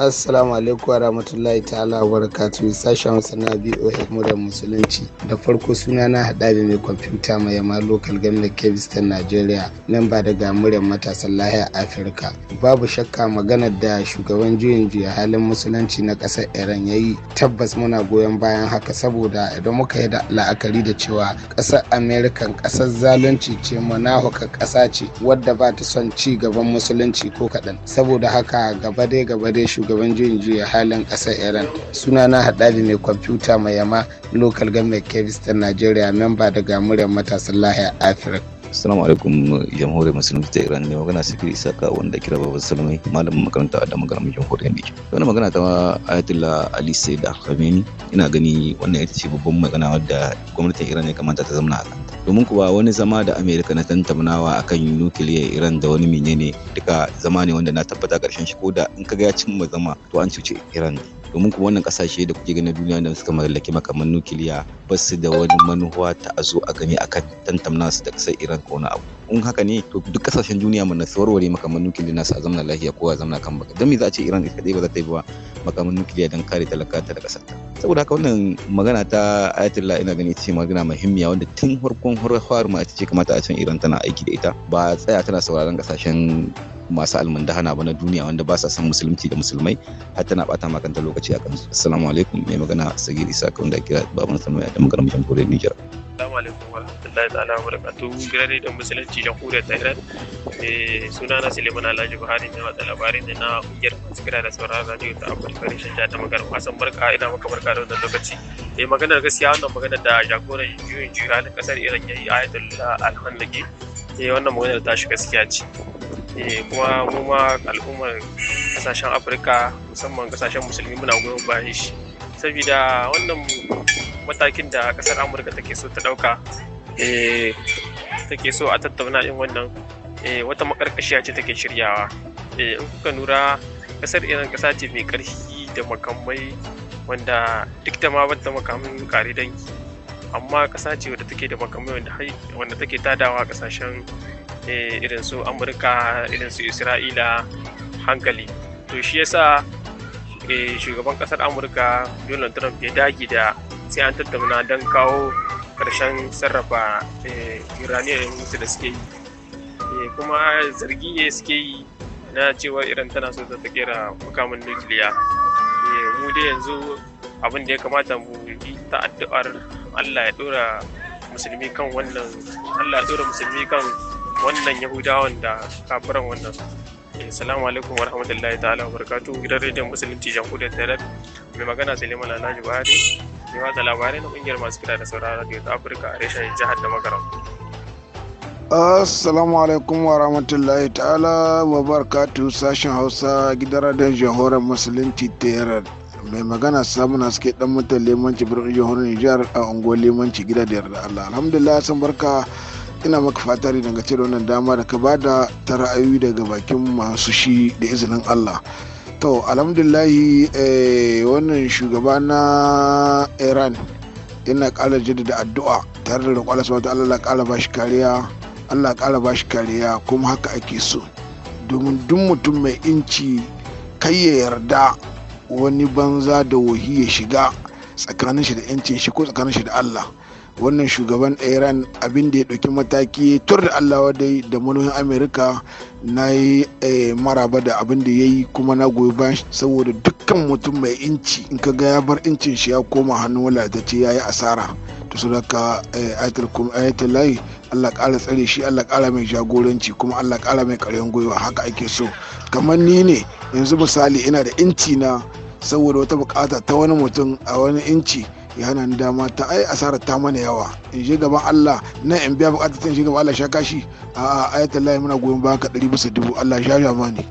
assalamu alaikum warahmatullahi ta'ala wa barakatuh sashen hausa na a murar musulunci da farko suna na hada da mai kwamfuta mai yama lokal government kebistan nigeria nan ba daga muryar matasan lahiyar afirka babu shakka maganar da shugaban juyin juya halin musulunci na kasar iran ya yi tabbas muna goyon bayan haka saboda idan muka yi da la'akari da cewa kasar american kasar zalunci ce manahuka kasa ce wadda ba ta son ci gaban musulunci ko kaɗan saboda haka gaba dai gaba dai shugaban shugaban juyin juya halin ƙasar iran suna sunana haɗari mai kwamfuta mai yama local government kebis ta nigeria memba daga muryar matasan lahiya afirka Assalamu alaikum jamhuriyar musulunci ta Iran ne magana su Sikiri Isaka wanda kira Baba Salmai malamin makaranta a damar garamin jamhuriyar Nijar. wani magana ta Ayatollah Ali Said Khamenei ina gani wannan ita ce babban magana wadda gwamnatin Iran ya kamata ta zama a domin kuwa wani zama da amerika na tantaunawa akan nukiliya iran da wani menene duka zama ne wanda na tabbata karshen shi ko da in kaga ya cimma zama to an cuci iran domin kuma wannan kasashe da kuke ganin duniya da suka mallaki makaman nukiliya ba su da wani manuwa ta a zo a gani akan tantamna su da kasar iran ko wani abu in haka ne to duk kasashen duniya mu na warware makaman nukiliya na sa zamanin lafiya ko zamanin kan baka dan me za a ce Iran kadai ba za ta yi ba makaman nukiliya dan kare talaka ta da kasar saboda haka wannan magana ta Ayatollah ina gani ce magana muhimmiya wanda tun farkon har ma a ce kamata a can Iran tana aiki da ita ba tsaya tana sauraron kasashen masu almundahana ba na duniya wanda ba sa san musulunci da musulmai har tana bata makanta lokaci a su assalamu alaikum mai magana sagir isa kawun da kira baban salmai da magaram jamhuriyar nijar assalamu alaikum wa rahmatullahi ta'ala wa barakatuhu gidan da musulunci da kura ta iran eh, suna na suleiman alhaji buhari ne watsa labarin ne na kungiyar masu kira da sauran radio ta afirka rashin ja ta magana wasan barka ina maka barka da wannan lokaci eh maganar gaskiya wannan magana da jagoran juyin juyin halin kasar iran yayi ayatul alhamdulillah eh wannan ta tashi gaskiya ce Eh, kuma mu ma al'ummar kasashen afirka musamman kasashen musulmi muna goyon bayan shi saboda wannan matakin da kasar amurka take so ta dauka eh, take so a tattauna yin wannan eh, wata makarkashiya ce take shiryawa in kuka nura kasar iran kasa ce mai karfi da makamai wanda duk da ma bata makamin kare dangi amma kasa ce wanda take da makamai wanda take tadawa kasashen irin su amurka irin su isra'ila hankali to shi yasa eh, shugaban kasar amurka donald trump ya dage da sai an tattauna don kawo karshen sarrafa iraniya eh, musu da suke yi eh, kuma zargi ne suke yi na cewa irin tana so ta kera makamin nukiliya mu dai yanzu abin da ya kamata mu yi ta addu'ar allah ya dora musulmi kan wannan allah ya dora musulmi kan wannan yahudawan da kafiran wannan assalamu eh, alaikum wa rahmatullahi ta'ala wa barakatuhu gidan rediyon musulunci kudin tarar mai magana suleiman alhaji buhari mai watsa labarai na kungiyar masu kira da sauraron radio ta afirka a reshen jihar da magaram assalamu alaikum wa rahmatullahi ta'ala wa barakatu sashen hausa gidan radiyon jamhuriyar musulunci tarar mai magana na suke dan mutan limanci birnin jihohin nijar a unguwar limanci gidan da yarda allah alhamdulillah san barka ina maka fata ne dangace da wannan dama da ka bada ta ra'ayoyi daga bakin masu shi da izinin Allah to alhamdulillahi eh, wannan shugaba na iran yana ƙara jaddada addu'a tare da roƙon Allah Allah ba bashi kariya Allah ba bashi kariya kuma haka ake so domin duk mutum mai inci kai ya yarda wani banza da wahi ya shiga tsakanin shi da yancin shi ko tsakanin shi da Allah wannan shugaban iran abin da ya ɗauki mataki tur da allah dai da manohin amerika na yi eh, maraba da abin da ya yi kuma na goyi bayan saboda dukkan mutum mai inci in ka ga ya bar incin shi ya koma hannun wadatacce ya yi asara to sadaka eh, ayatul layi allah ƙara tsare shi allah ƙara mai jagoranci kuma allah ƙara mai ƙaryan gwiwa haka ake so kamar ni ne yanzu misali ina da inci na saboda wata bukata ta wani mutum a wani inci ya hana ni dama ta ai asarar ta mana yawa in je gaban Allah na in biya bukatar in shi gaban Allah sha kashi a ayatul lahi muna goyon baka 100 bisa dubu Allah sha sha mani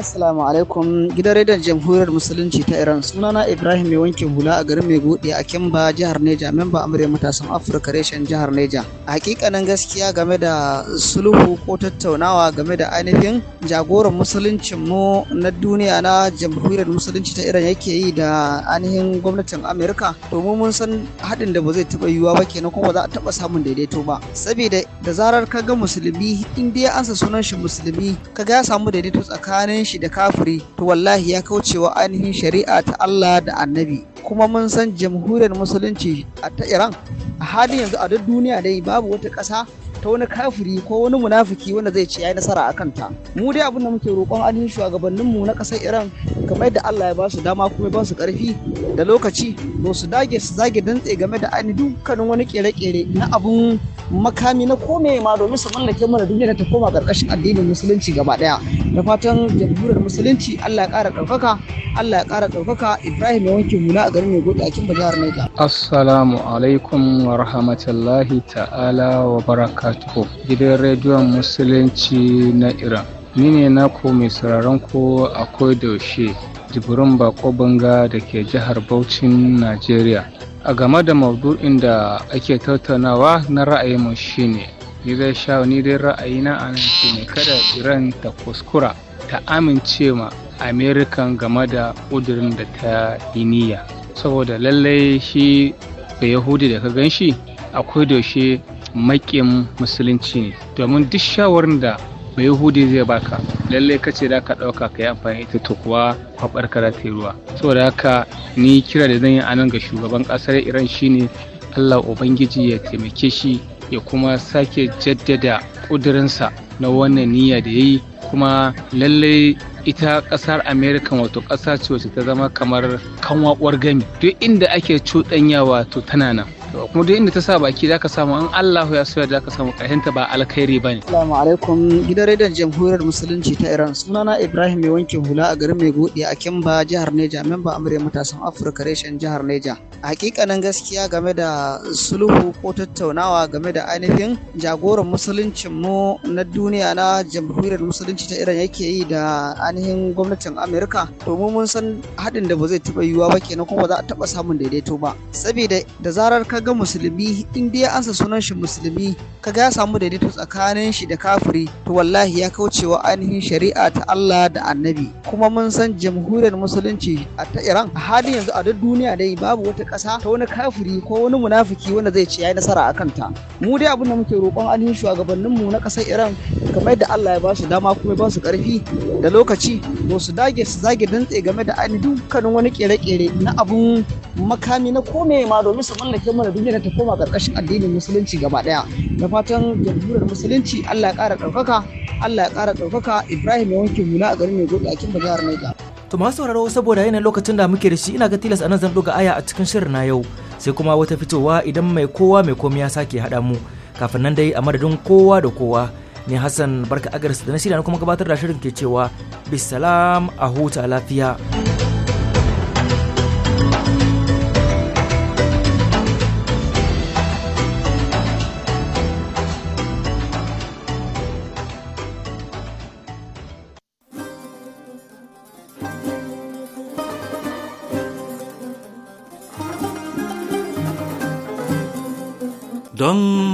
Assalamu alaikum gidan rediyon jamhuriyar musulunci ta Iran sunana Ibrahim mai wankin hula a garin Maigode a Kimba jihar Neja memba amurya matasan Afirka reshen jihar Neja. A hakikanin gaskiya game da sulhu ko tattaunawa game da ainihin jagoran musuluncin mu na duniya na jamhuriyar musulunci ta Iran yake yi da ainihin gwamnatin Amerika domin mun san haɗin da ba zai taɓa yiwuwa ba kenan kuma za a taɓa samun daidaito ba. Saboda da zarar ka ga musulmi in dai ansa sunan shi musulmi kaga ya samu daidaito tsakanin shi da kafiri to wallahi ya kaucewa ainihin shari'a ta Allah da annabi kuma mun san jamhuriyar musulunci a ta Iran a halin yanzu a duk duniya dai babu wata ƙasa ta wani kafiri ko wani munafiki wanda zai ci ya nasara a kanta mu dai abin da muke roƙon ainihin shugabannin mu na ƙasar Iran kamar da Allah ya ba su dama kuma ya ba su ƙarfi da lokaci to su dage su zage dantse game da ainihin dukkanin wani kere-kere na abun makami na kome ma domin su mallake mana duniya ta koma karkashin addinin musulunci gaba daya da fatan jamhuriyar musulunci Allah ya kara ɗaukaka Allah ya kara ɗaukaka Ibrahim ya wanke hula a garin Maigode a bazar Niger Assalamu alaikum wa rahmatullahi ta'ala wa barakatuhu gidan rediyon musulunci na Iran ni ne naku mai sauraron ko akwai daushe jibrin bako banga da ke jihar Bauchin Najeriya a game da maudu'in da ake tattaunawa na ra'ayin mu shine ni dai sha ni dai ra'ayina a nan shine kada iran ta kuskura ta amince ma amerikan game da ƙudurin da ta yi niyya saboda lallai shi da yahudi da ka gan shi akwai doshe maƙin musulunci ne domin duk shawarar da Mai yahudi zai baka lallai ka ce ka ɗauka ka yi amfani ita ta kuwa kwabar ka ta ruwa saboda haka ni kira da zan yi anan ga shugaban ƙasar iran shine allah ubangiji ya taimake shi ya kuma sake jaddada ƙudurinsa na wannan niyya da ya yi kuma lallai ita ƙasar america wato ƙasa ce wacce ta zama kamar kanwa gami duk inda ake cuɗanyawa wato tana nan kuma duk inda ta sa baki zaka samu in Allahu ya soya zaka samu karhinta ba alkhairi bane assalamu alaikum gidan rediyon jamhuriyar musulunci ta Iran sunana Ibrahim mai wankin hula a garin mai godi a Kimba jihar Neja memba amurya matasan Africa reshen jihar Neja hakikanin gaskiya game da sulhu ko tattaunawa game da ainihin jagoran musuluncin mu na duniya na jamhuriyar musulunci ta Iran yake yi da ainihin gwamnatin Amerika domin mun san haɗin da ba zai taɓa yiwuwa ba kenan kuma ba za a taɓa samun daidaito ba saboda da zarar ka ga musulmi in dai ansa sunan shi musulmi kaga ya samu daidaito tsakanin shi da kafiri to wallahi ya kaucewa ainihin shari'a ta Allah da Annabi kuma mun san jamhuriyar musulunci a ta Iran a halin yanzu a duk duniya dai babu wata ƙasa ta wani kafiri ko wani munafiki wanda zai ce yayi nasara a kanta mu dai abin da muke roƙon ainihin shugabannin mu na ƙasar Iran kamar da Allah ya ba su dama kuma ya ba su ƙarfi da lokaci to su dage su zage dantse game da ainihin dukkanin wani kere-kere na abun makami na kome ma domin su mallake mana duniya ta koma karkashin addinin musulunci gaba daya da fatan jamhuriyar musulunci Allah ya kara karfaka Allah ya kara karfaka Ibrahim ya wanke hula a garin Maiduguri a kin bazar Niger to masu sauraro saboda yanayin lokacin da muke da shi ina ga tilas anan zan ɗoga aya a cikin shirin na yau sai kuma wata fitowa idan mai kowa mai komai ya sake hada mu kafin nan dai a madadin kowa da kowa ne Hassan barka agarsu da na shirya kuma gabatar da shirin ke cewa bisalam a huta lafiya.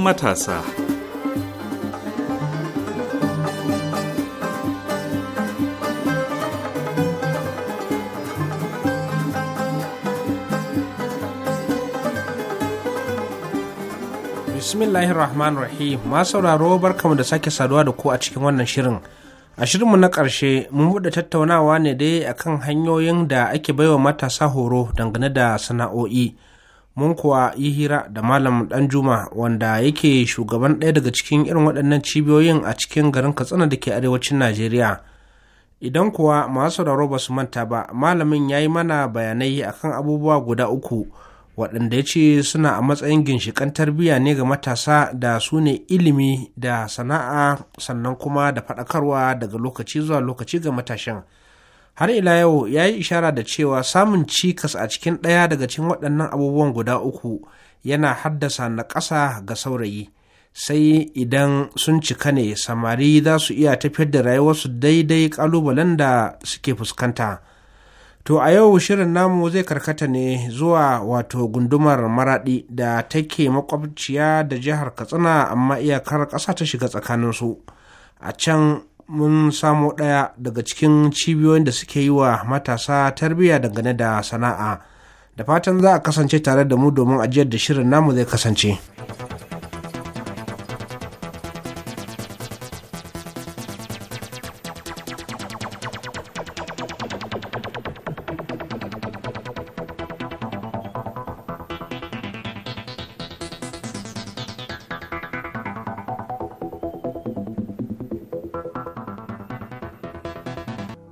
matasa. Bismillahir Rahmanir Rahim, ma sauraro barkamu da sake saduwa da ku a cikin wannan shirin. A shirinmu na ƙarshe mun buɗe tattaunawa ne dai akan hanyoyin da ake baiwa matasa horo dangane da sana'o'i. mun kuwa yi hira da malam danjuma wanda yake shugaban ɗaya daga cikin irin waɗannan cibiyoyin a cikin garin katsina da ke arewacin najeriya idan kuwa masu sauraro ba su manta ba malamin ya yi mana bayanai akan abubuwa guda uku waɗanda ya ce suna a matsayin ginshiƙan tarbiyya ne ga matasa da su ne ilimi da sana'a sannan kuma da faɗakarwa daga lokaci zuwa lokaci ga matashin har ila yau ya yi ishara da cewa samun cikas a cikin ɗaya daga cikin waɗannan abubuwan guda uku yana haddasa na ƙasa ga saurayi sai idan sun cika ne samari za su iya tafiyar da rayuwarsu daidai ƙalubalen da suke fuskanta to a yau shirin namu zai karkata ne zuwa wato gundumar maraɗi da take makwabciya da jihar katsina amma iyakar ƙasa ta shiga tsakaninsu a can mun samo ɗaya daga cikin cibiyoyin da suke yi wa matasa tarbiyya dangane da sana'a da fatan za a kasance tare da mu domin ajiyar da shirin namu zai kasance.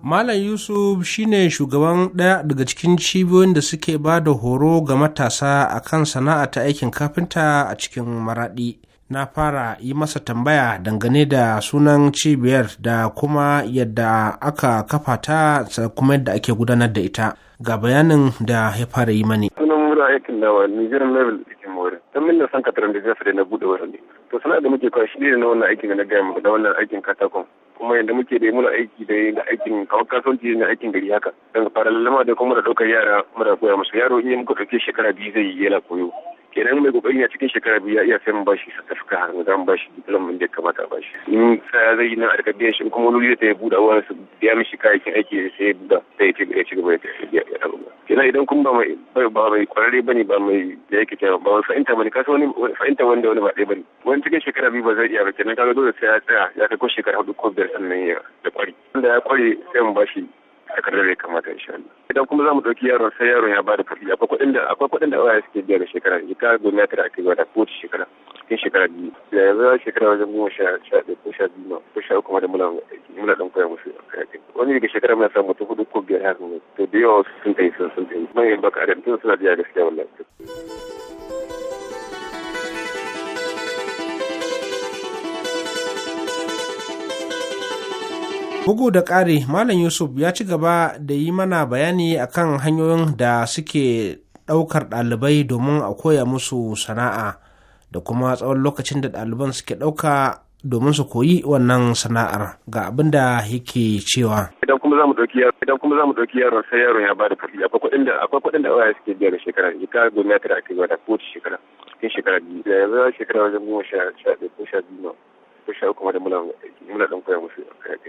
Malam Yusuf shine shugaban ɗaya daga cikin cibiyoyin da suke ba da horo ga matasa a kan sana'a ta aikin kafinta a cikin maraɗi. Na fara yi masa tambaya dangane da sunan cibiyar da kuma yadda aka kafa ta kuma yadda ake gudanar da ita. Ga bayanin da ya fara yi mani. Sunan mura aikin nawa Nigerian level cikin wurin. Ta millar san katarin da zafi da na buɗe wurin ne. To sana'a da muke kwashe ne na wannan aikin da na gaya da wannan aikin katakon. kuma yadda muke da muna aiki da yin aikin kawai kasuwanci da aikin gari haka daga lalama da kuma da ɗaukar yara muna koya musu yaro in muka ɗauke shekara biyu zai yi yana koyo kenan mai kokari a cikin shekara biyu ya iya sayan bashi tafka har zan mu bashi diploma da kamata a bashi in tsaya zai yi nan a daga shi in kuma wani zai ya buɗa wani su biya mishi kayayyakin aiki sai ya buɗa sai ya ci gaba ya ɗaga kenan idan kun ba mai ba mai kwararre bane ba mai da yake cewa ba wani fahimta bane kasa wani fahimta wanda wani ba ɗaya bane wani cikin shekara biyu ba zai iya ba kenan kaga dole sai ya tsaya ya kai ko shekara hudu ko biyar sannan ya da kwari wanda ya kware sai mu bashi kare da ya kamata in sha idan kuma za mu ɗauki yaron sai yaron ya bada kuɗi akwai kuɗin da akwai kuɗin da waya suke biya ga shekara jika goma tara ake gwada kowace shekara cikin shekara biyu da yanzu za shekara wajen goma sha sha ɗaya ko sha biyu ma ko sha uku ma da mulan muna ɗan koya musu wani daga shekara muna samu ta hudu ko biyar haka to da yawa sun tayi sun tayi mai baka adam tun suna biya gaskiya wallahi. bugu da ƙari malam yusuf ya ci gaba da yi mana bayani akan hanyoyin da suke ɗaukar ɗalibai domin a koya musu sana'a da kuma tsawon lokacin da ɗaliban suke ɗauka domin su koyi wannan sana'ar ga abin da yake cewa. Idan kuma zamu ɗauki yaro idan kuma zamu ɗauki yaro sai yaro ya bada kuɗi akwai kuɗin da akwai kuɗin da waye suke biya da shekara ita gomnati da ake gwada ko shekara cikin shekara biyu da yanzu shekara wajen goma sha sha ko sha biyu ko sha uku da muna muna dan koyar musu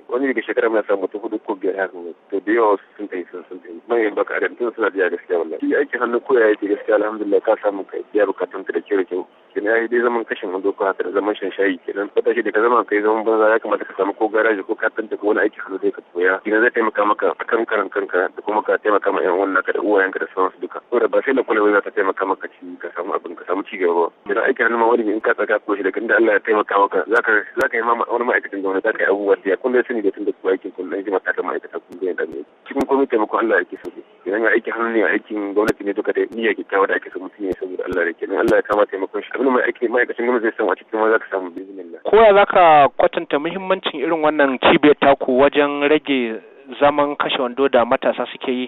wani da shekara muna samu mutum hudu ko biyar haka ne to da yawa sun tafi sun sun tafi manyan baka adam tun suna biya gaskiya wallahi shi aikin hannu koya yake gaskiya alhamdulillah ka samu ka biya bukatun ka da kyau kyau kenan yi dai zaman kashin hanzo ko haka da zaman shan shayi kenan fata shi da ka zama kai zaman banza ya kamata ka samu ko garaji ko katanta ko wani aikin hannu zai ka koya kenan zai taimaka maka a kan karan kanka da kuma ka taimaka ma yan wannan ka da uwayen ka da sauransu duka saboda ba sai na kula za ta taimaka maka ci ka samu abin ka samu ci gaba ba idan aikin hannu ma wani in ka tsaka ko shi da kan da Allah ya taimaka maka za ka za ka yi ma wani ma'aikacin gwamnati za ka yi abubuwa da ya kun da sani da tun da ku aikin kun dan jima ta ma'aikata kun zai dan cikin komai taimako Allah yake so idan ya aikin hannu ne aikin gwamnati ne duka da niyya kyakkyawa da ake so mutum ya saboda Allah da kenan Allah ya kama taimakon shi abin mai aiki ma'aikacin gwamnati zai samu a cikin ma za ka samu bismillah ko ya za ka kwatanta muhimmancin irin wannan cibiyar taku wajen rage zaman kashe wando da matasa suke yi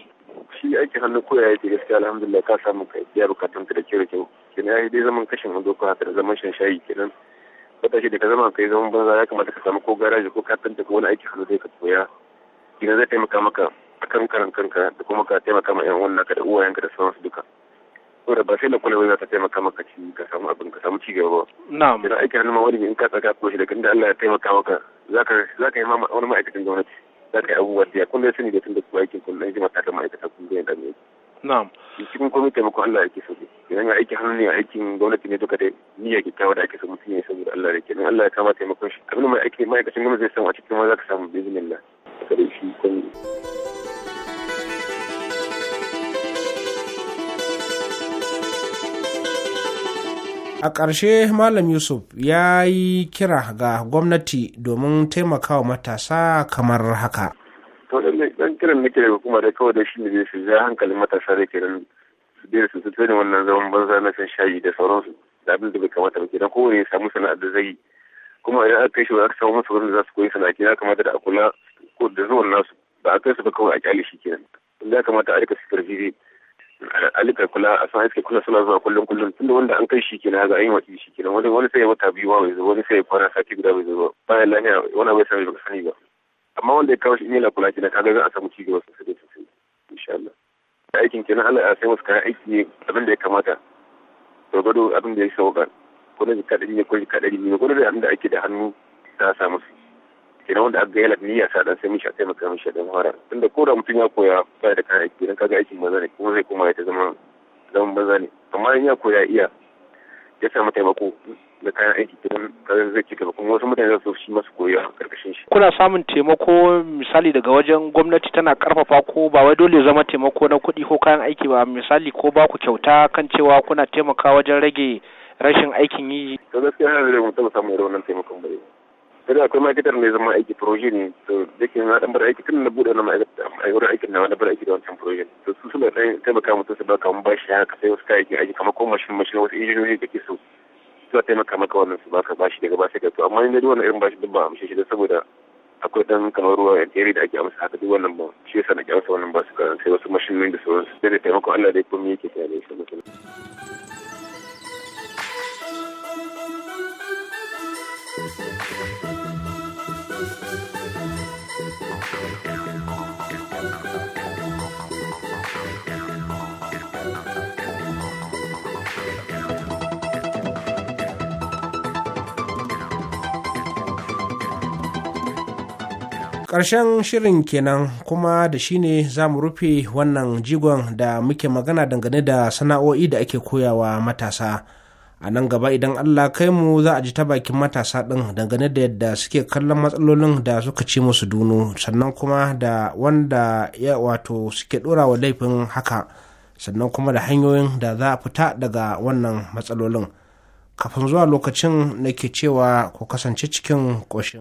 shi aikin hannu ko ya yi gaskiya alhamdulillah ka samu ka biya bukatun ta da kyau da kyau kenan yi dai zaman kashin wando ko haka da zaman shan shayi kenan wata shi da ka zama kai zaman banza ya kamata ka samu ko garaji ko kafin ko wani aiki hannu zai ka koya gina zai taimaka maka a kan karan kanka da kuma ka taimaka ma yan wannan ka da uwayenka da sauransu duka da ba sai da wai za ta taimaka maka ci ka samu abin ka samu cigaba ba na'am idan aiki hannu ma wani in ka tsaka ko shi da inda Allah ya taimaka maka zaka zaka yi ma wani ma'aikacin gwamnati zaka yi abubuwa da ya kun sani da tun da kuma aikin kun da jima ta ma'aikata kullum ya dame ne na'am cikin komai taimako Allah yake so idan aiki hannu ne aikin gwamnati ne duka dai niyya kyakkyawa da ake so mutum ya saboda Allah da kenan Allah ya kama taimakon shi abin mai aiki ma'aikacin gwamnati zai samu a cikin ma za ka samu bismillah kada shi komai A ƙarshe Malam Yusuf ya yi kira ga gwamnati domin taimakawa matasa kamar haka. dan kiran nake da hukumar da kawai da shi ne su ja hankalin matasa da kiran su biyar su su tsaye wannan zaman banza na shan shayi da sauransu da abin da bai kamata ba dan kowane ya samu sana'ar da zai yi kuma idan aka kai shi ba aka samu masu wurin da za su koyi sana'a ya kamata da a kula ko da zuwan nasu ba a kai su ba kawai a kyale shi kenan ya kamata a rika su supervision alika kula a san iske kula suna zuwa kullum kullum tunda wanda an kai shi kenan ga an yi watsi shi kenan wani wani sai ya wata biyu ba mai zuwa wani sai ya kwana sati guda bai zuba ba bayan lafiya wani bai sani ba sani ba amma wanda ya kawo shi in yi lakula kenan kaga za a samu ci gaba sosai da sosai insha Allah aikin kenan Allah ya sai musu kayan aiki abin da ya kamata gado abin da ya sauka ko na jika dari ne ko jika dari ne da abin da ake da hannu ta sa musu kenan wanda aka gayyala niyya sa dan sai mishi a taimaka mishi a dan fara tunda ko da mutum ya koya ba da kayan aiki dan kaga aikin maza ne kuma zai koma ya ta zama zaman maza ne amma in ya koya iya ya samu taimako na kayan aiki don kayan zai ci gaba kuma wasu mutane su shi masu koyo a karkashin shi. Kuna samun taimako misali daga wajen gwamnati tana karfafa ko ba wai dole zama taimako na kuɗi ko kayan aiki ba misali ko ba ku kyauta kan cewa kuna taimaka wajen rage rashin aikin yi. To gaskiya har da mu taɓa samun irin wannan taimakon ba sai akwai ma'aikatar ne zama aiki proje ne to da ke na ɗan bar aiki tun na buɗe na ma'aikatar aikin na bar aiki da wancan proje to su suna taimaka mutum su baka mun bashi haka sai wasu kayayyakin aiki kamar ko mashin mashin wasu injiniyoyi da ke so suka taimaka maka wannan su baka bashi daga bashi ka to amma ni dai wannan irin bashi duk ba amshe shi da saboda akwai dan kamar ruwa yan tsere da ake amsa haka duk wannan ba shi yasa na kyamsa wannan ba su karan sai wasu mashinoni da sauransu sai da taimakon Allah dai komai yake tare da shi Thank you. Karshen shirin kenan kuma da shi ne za mu rufe wannan jigon da muke magana dangane da sana'o'i da ake koyawa matasa a nan gaba idan allah kai mu za a ji ta bakin matasa ɗin dangane da yadda suke kallon matsalolin da suka ci musu dunu sannan kuma da wanda ya wato suke ɗora wa laifin haka sannan kuma da hanyoyin da za a fita daga wannan matsalolin kafin zuwa lokacin nake cewa ku kasance cikin ƙoshin.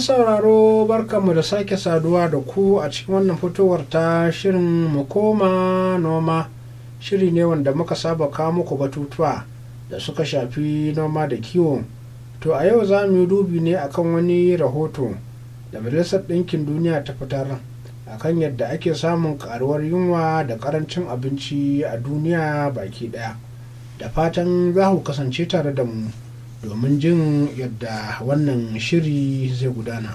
an sauraro barkanmu da sake saduwa da ku a cikin wannan fitowar ta shirin mu koma noma shiri ne wanda muka saba kawo muku batutuwa da suka shafi noma da kiwo to a yau za mu yi dubi ne akan wani rahoto da majalisar ɗinkin duniya ta fitar akan yadda ake samun karuwar yunwa da karancin abinci a duniya baki ɗaya da fatan za ku kasance tare da mu. domin jin yadda wannan shiri zai gudana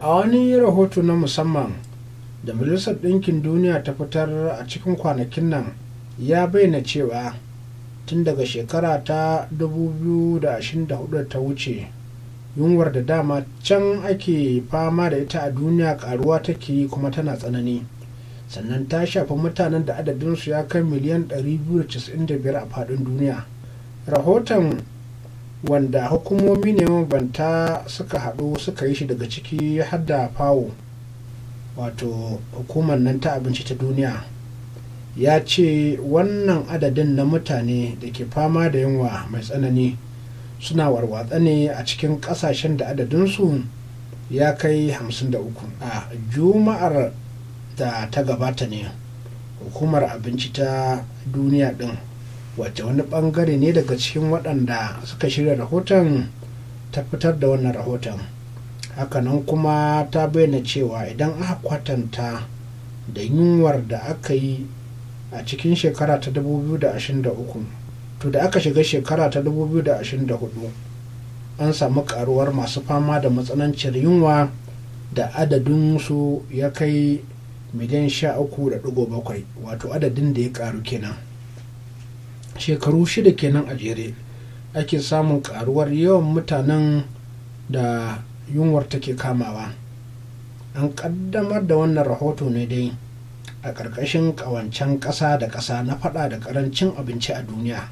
a wani rahoto na musamman da majalisar ɗinkin duniya ta fitar a cikin kwanakin nan ya bayyana cewa tun daga shekara ta 2024 ta wuce yunwar da dama can ake fama da ita a duniya karuwa take kuma tana tsanani sannan ta shafi mutanen da adadinsu ya kai miliyan 295 a fadin duniya rahoton wanda hukumomi ne mabanta suka haɗu suka yi shi daga ciki har da fawo wato hukumar nan ta abinci ta duniya ya ce wannan adadin na mutane da ke fama da yunwa mai tsanani suna warwatsa ne a cikin kasashen da adadinsu ya kai 53 a juma'ar da ta gabata ne hukumar abinci ta duniya din wacce wani bangare ne daga cikin waɗanda suka shirya rahoton ta fitar da wannan rahoton hakanan kuma ta bayyana cewa idan aka kwatanta da yunwar da aka yi a cikin shekara ta 2023 to da aka shiga shekara ta 2024 an samu karuwar masu fama da matsanancin yunwa da adadin su ya kai miliyan sha wato adadin da ya karu kenan shekaru shida kenan a jere ake samun karuwar yawan mutanen da yunwar take kamawa an kaddamar da wannan rahoto ne dai a ƙarƙashin ƙawancen ƙasa da ƙasa na faɗa da ƙarancin abinci a duniya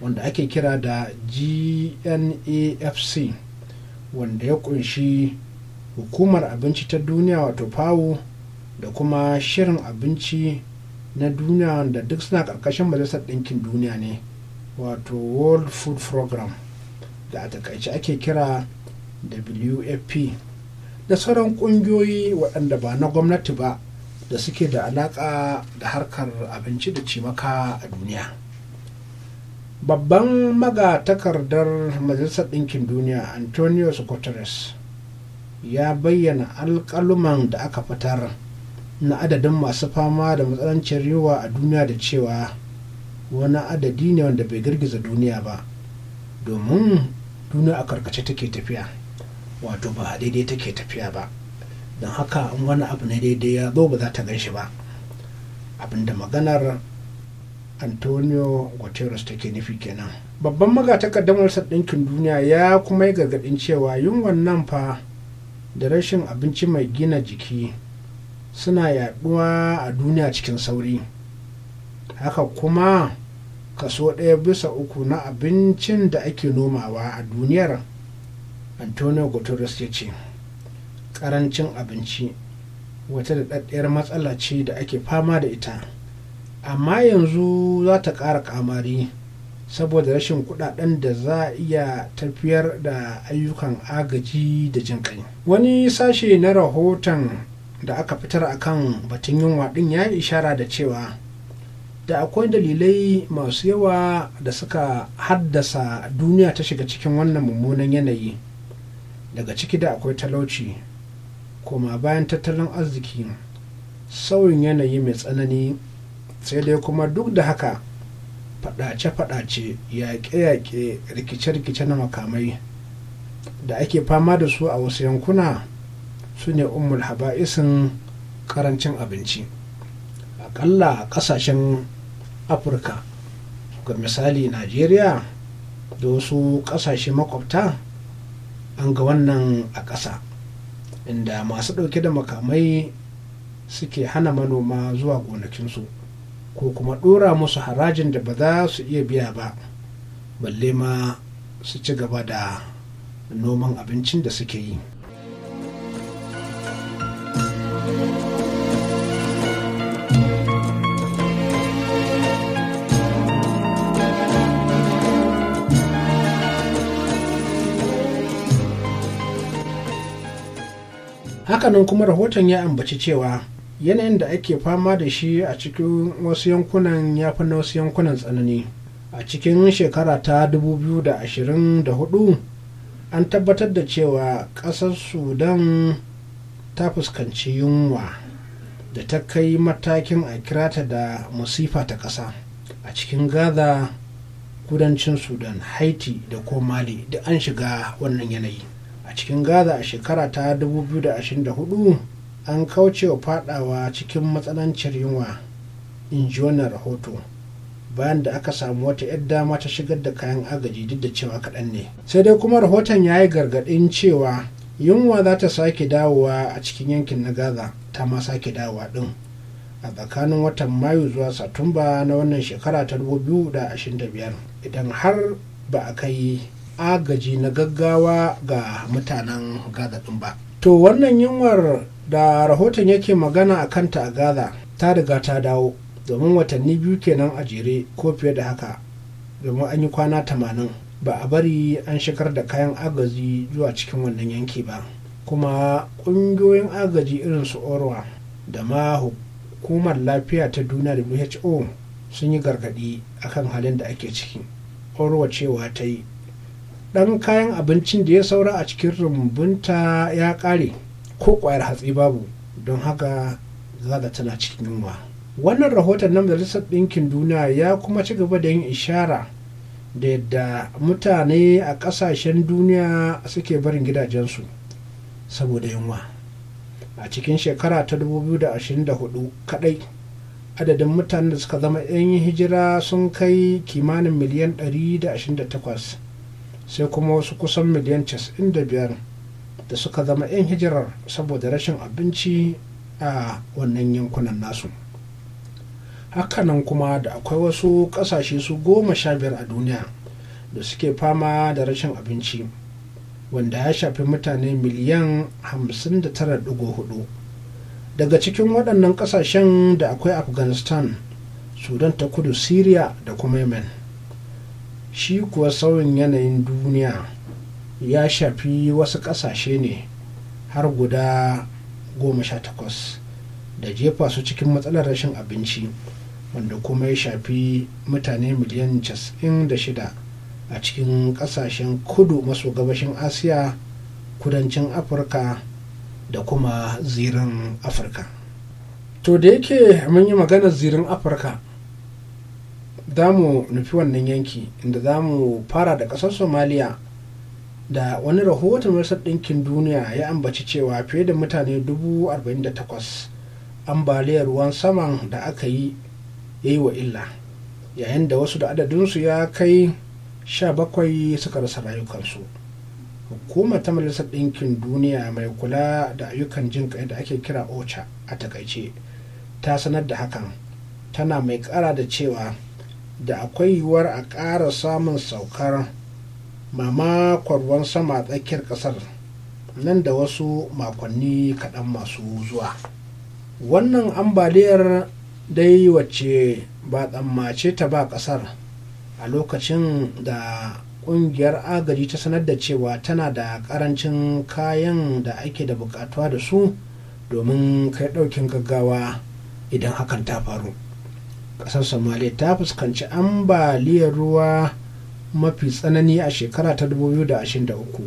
wanda ake kira da gnafc wanda ya ƙunshi hukumar abinci ta duniya wato fawo da kuma shirin abinci na duniya wanda duk suna ƙarƙashin majalisar ɗinkin duniya ne wato world food program da a takaice ake kira wfp da sauran ƙungiyoyi waɗanda ba na gwamnati ba da suke da alaƙa da harkar abinci da cimaka a duniya babban maga-takardar majalisar ɗinkin duniya antonio guterres ya bayyana alƙaluman da aka fitar na adadin masu fama da matsalancin riwa a duniya da cewa wani adadi ne wanda bai girgiza duniya ba domin duniya a karkace take tafiya wato ba daidai take tafiya ba don haka in wani abu na daidai ya zo ba za ta ganshi ba abinda maganar antonio guterres take nufi kenan babban magatakardar majalisar ɗinkin duniya ya kuma yi gargaɗin cewa yunwan nan fa da rashin abinci mai gina jiki suna yaduwa a duniya cikin sauri haka kuma kaso ɗaya bisa uku na abincin da ake nomawa a duniyar antonio guterres ya ce karancin abinci wata da daɗaɗɗiyar matsala ce da ake fama da ita amma yanzu za ta ƙara kamari saboda rashin kudaden da za a iya tafiyar da ayyukan agaji da jin kai wani sashe na rahoton da aka fitar akan batun yunwa ɗin ya ishara da cewa da akwai dalilai masu yawa da suka haddasa duniya ta shiga cikin wannan mummunan yanayi daga ciki da akwai talauci koma bayan tattalin arziki sauyin yanayi mai tsanani sai dai kuma duk da haka fadace-fadace yaƙe-yaƙe rikice-rikice na makamai da ake fama da su a wasu yankuna su ne umul haba'isin karancin abinci aƙalla a ƙasashen afirka ga misali najeriya da wasu ƙasashe makwabta an ga wannan a ƙasa inda masu ɗauke da makamai suke hana manoma zuwa gonakinsu ko kuma ɗora musu harajin da ba za su iya biya ba balle ma su ci gaba da noman abincin da suke yi hakanan kuma rahoton ya ambaci cewa yanayin da ake fama da shi a cikin wasu yankunan ya fi na wasu yankunan tsanani a cikin shekara ta 2024 an tabbatar da cewa ƙasar sudan ta fuskanci yunwa da ta kai matakin a kirata da masifa ta ƙasa a cikin gaza kudancin sudan haiti da ko mali da an shiga wannan yanayi a cikin gaza a shekara ta 2024 an kaucewa fadawa cikin matsanancin yunwa in ji wannan rahoto bayan da aka samu wata 'yar dama ta shigar da kayan agaji duk da cewa kaɗan ne sai dai kuma rahoton ya yi gargaɗin cewa yunwa za ta sake dawowa a cikin yankin na gaza ta ma sake dawowa ɗin a tsakanin watan mayu zuwa satumba na wannan shekara ta 2025 idan har ba a kai agaji na gaggawa ga mutanen gaza ɗin ba to wannan yunwar da rahoton yake magana a kanta a gaza ta riga ta dawo domin watanni biyu kenan a jere ko fiye da haka domin an yi kwana tamanin ba a bari an shigar da kayan agaji zuwa cikin wannan yanki ba kuma ƙungiyoyin agaji irin su orwa da ma hukumar lafiya ta duniya who sun yi gargaɗi akan halin da ake ciki orwa cewa ta yi ɗan kayan abincin da ya saura a cikin rumbunta ya ƙare ko ƙwayar hatsi babu don haka zaga tana cikin yunwa wannan rahoton na majalisar ɗinkin duniya ya kuma ci gaba da yin ishara da yadda mutane a ƙasashen duniya suke barin gidajensu saboda yunwa a cikin shekara ta 2024 kadai adadin mutanen da suka zama 'yan hijira sun kai kimanin miliyan 128 sai kuma wasu kusan miliyan 95 da suka zama 'yan hijirar saboda rashin abinci a wannan yankunan nasu hakanan kuma da akwai wasu kasashe su goma sha biyar a duniya da suke fama da rashin abinci wanda ya shafi mutane miliyan 59.4 daga cikin waɗannan ƙasashen da akwai afghanistan sudan ta kudu syria da kuma yemen shi kuwa sauyin yanayin duniya ya shafi wasu ƙasashe ne har guda goma sha takwas da jefa su cikin matsalar rashin abinci wanda kuma ya shafi mutane miliyan da shida a cikin ƙasashen kudu maso gabashin asiya kudancin afirka da kuma zirin afirka to da yake mun yi maganar zirin afirka za mu nufi wannan yanki inda za mu fara da ƙasar somaliya da wani rahoton rasar ɗinkin duniya ya ambaci cewa fiye da mutane 48,000 ambaliyar ruwan saman da aka yi ya yi wa illa yayin da wasu da adadinsu ya kai 17 suka rasa rayukansu hukumar ta majalisar ɗinkin duniya mai kula da ayyukan jin kai da ake kira ocha a takaice ta sanar da hakan tana mai kara da cewa da akwai yiwuwar a ƙara samun saukar mamakon ruwan sama tsakiyar ƙasar nan da wasu makonni kaɗan masu zuwa wannan ambaliyar dai wacce ba tsammace ta ba ƙasar a lokacin da ƙungiyar agaji ta sanar da cewa tana da ƙarancin kayan da ake da buƙatuwa da su domin kai ɗaukin gaggawa idan hakan ta faru. ƙasar somalia ta fuskanci ambaliyar ruwa mafi tsanani a shekara ta 2023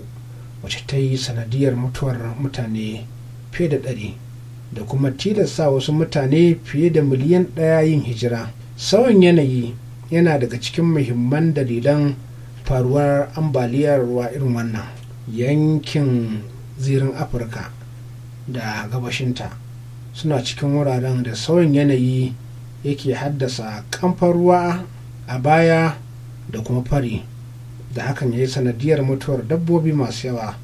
wacce ta yi sanadiyar mutuwar mutane fiye da ɗari da kuma tilasta wasu mutane fiye da miliyan ɗaya yin hijira sauyin yanayi yana daga cikin muhimman dalilan faruwar ambaliyar ruwa irin wannan yankin zirin afirka da gabashinta suna cikin wuraren da sauyin yanayi yake haddasa kamfan ruwa a baya da kuma fari da hakan ya yi sanadiyar mutuwar dabbobi masu yawa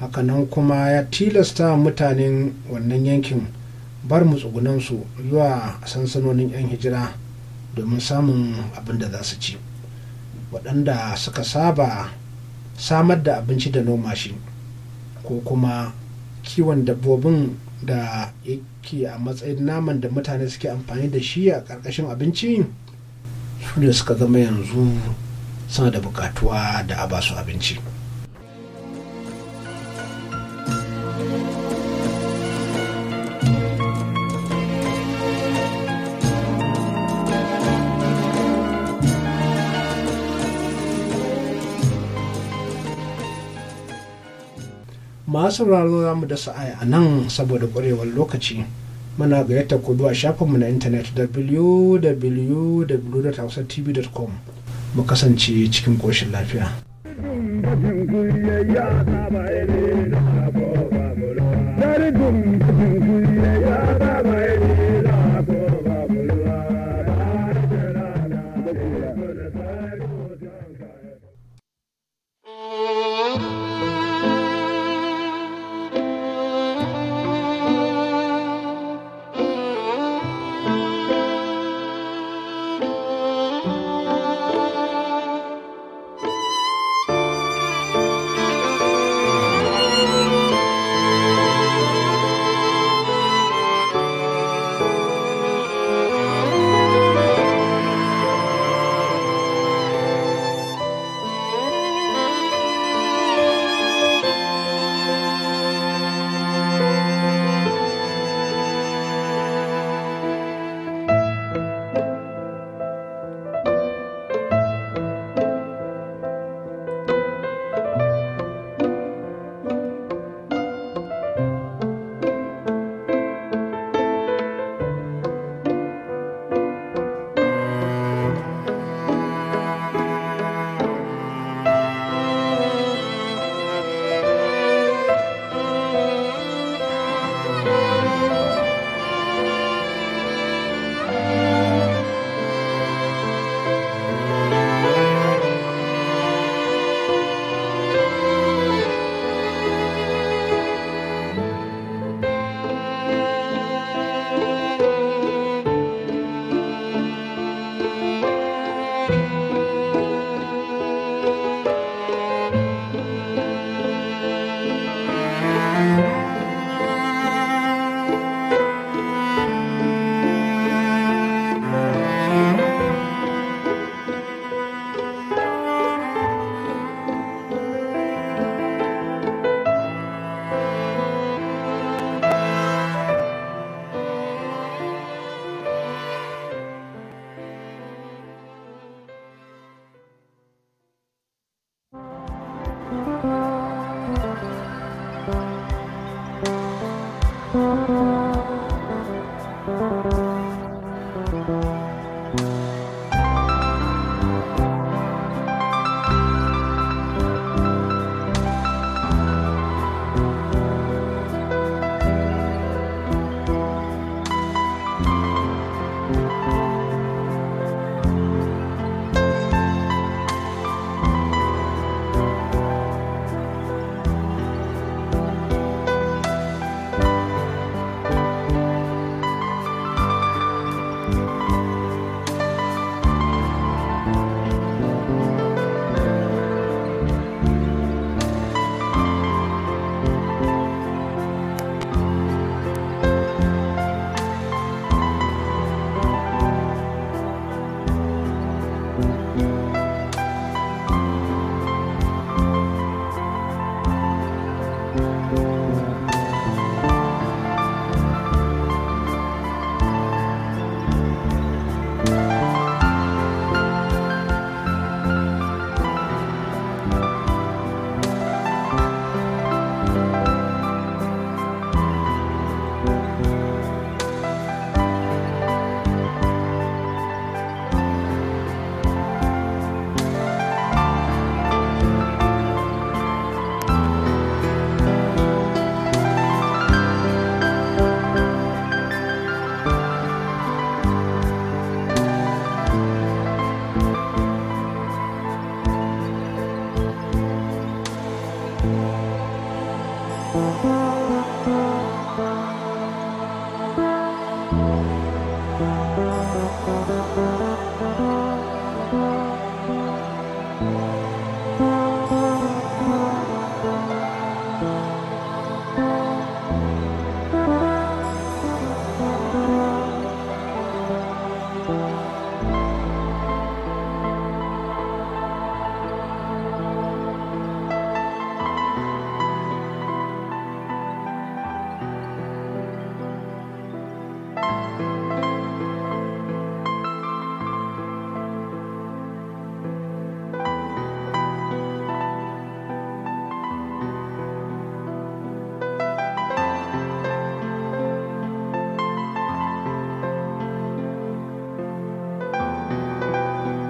hakanan kuma ya tilasta mutanen wannan yankin bar su zuwa sansanonin 'yan hijira domin samun abin da za su ci waɗanda suka saba samar da abinci da noma shi ko kuma kiwon dabbobin da yake a matsayin naman da mutane suke amfani da shi a ƙarƙashin abinci su da suka zama yanzu suna da buƙatuwa da a basu abinci masu sauraro za mu dasa aya a nan saboda ƙwarewar lokaci muna gayyata ku zuwa shafinmu na intanet www.hausatv.com mu kasance cikin ƙoshin lafiya.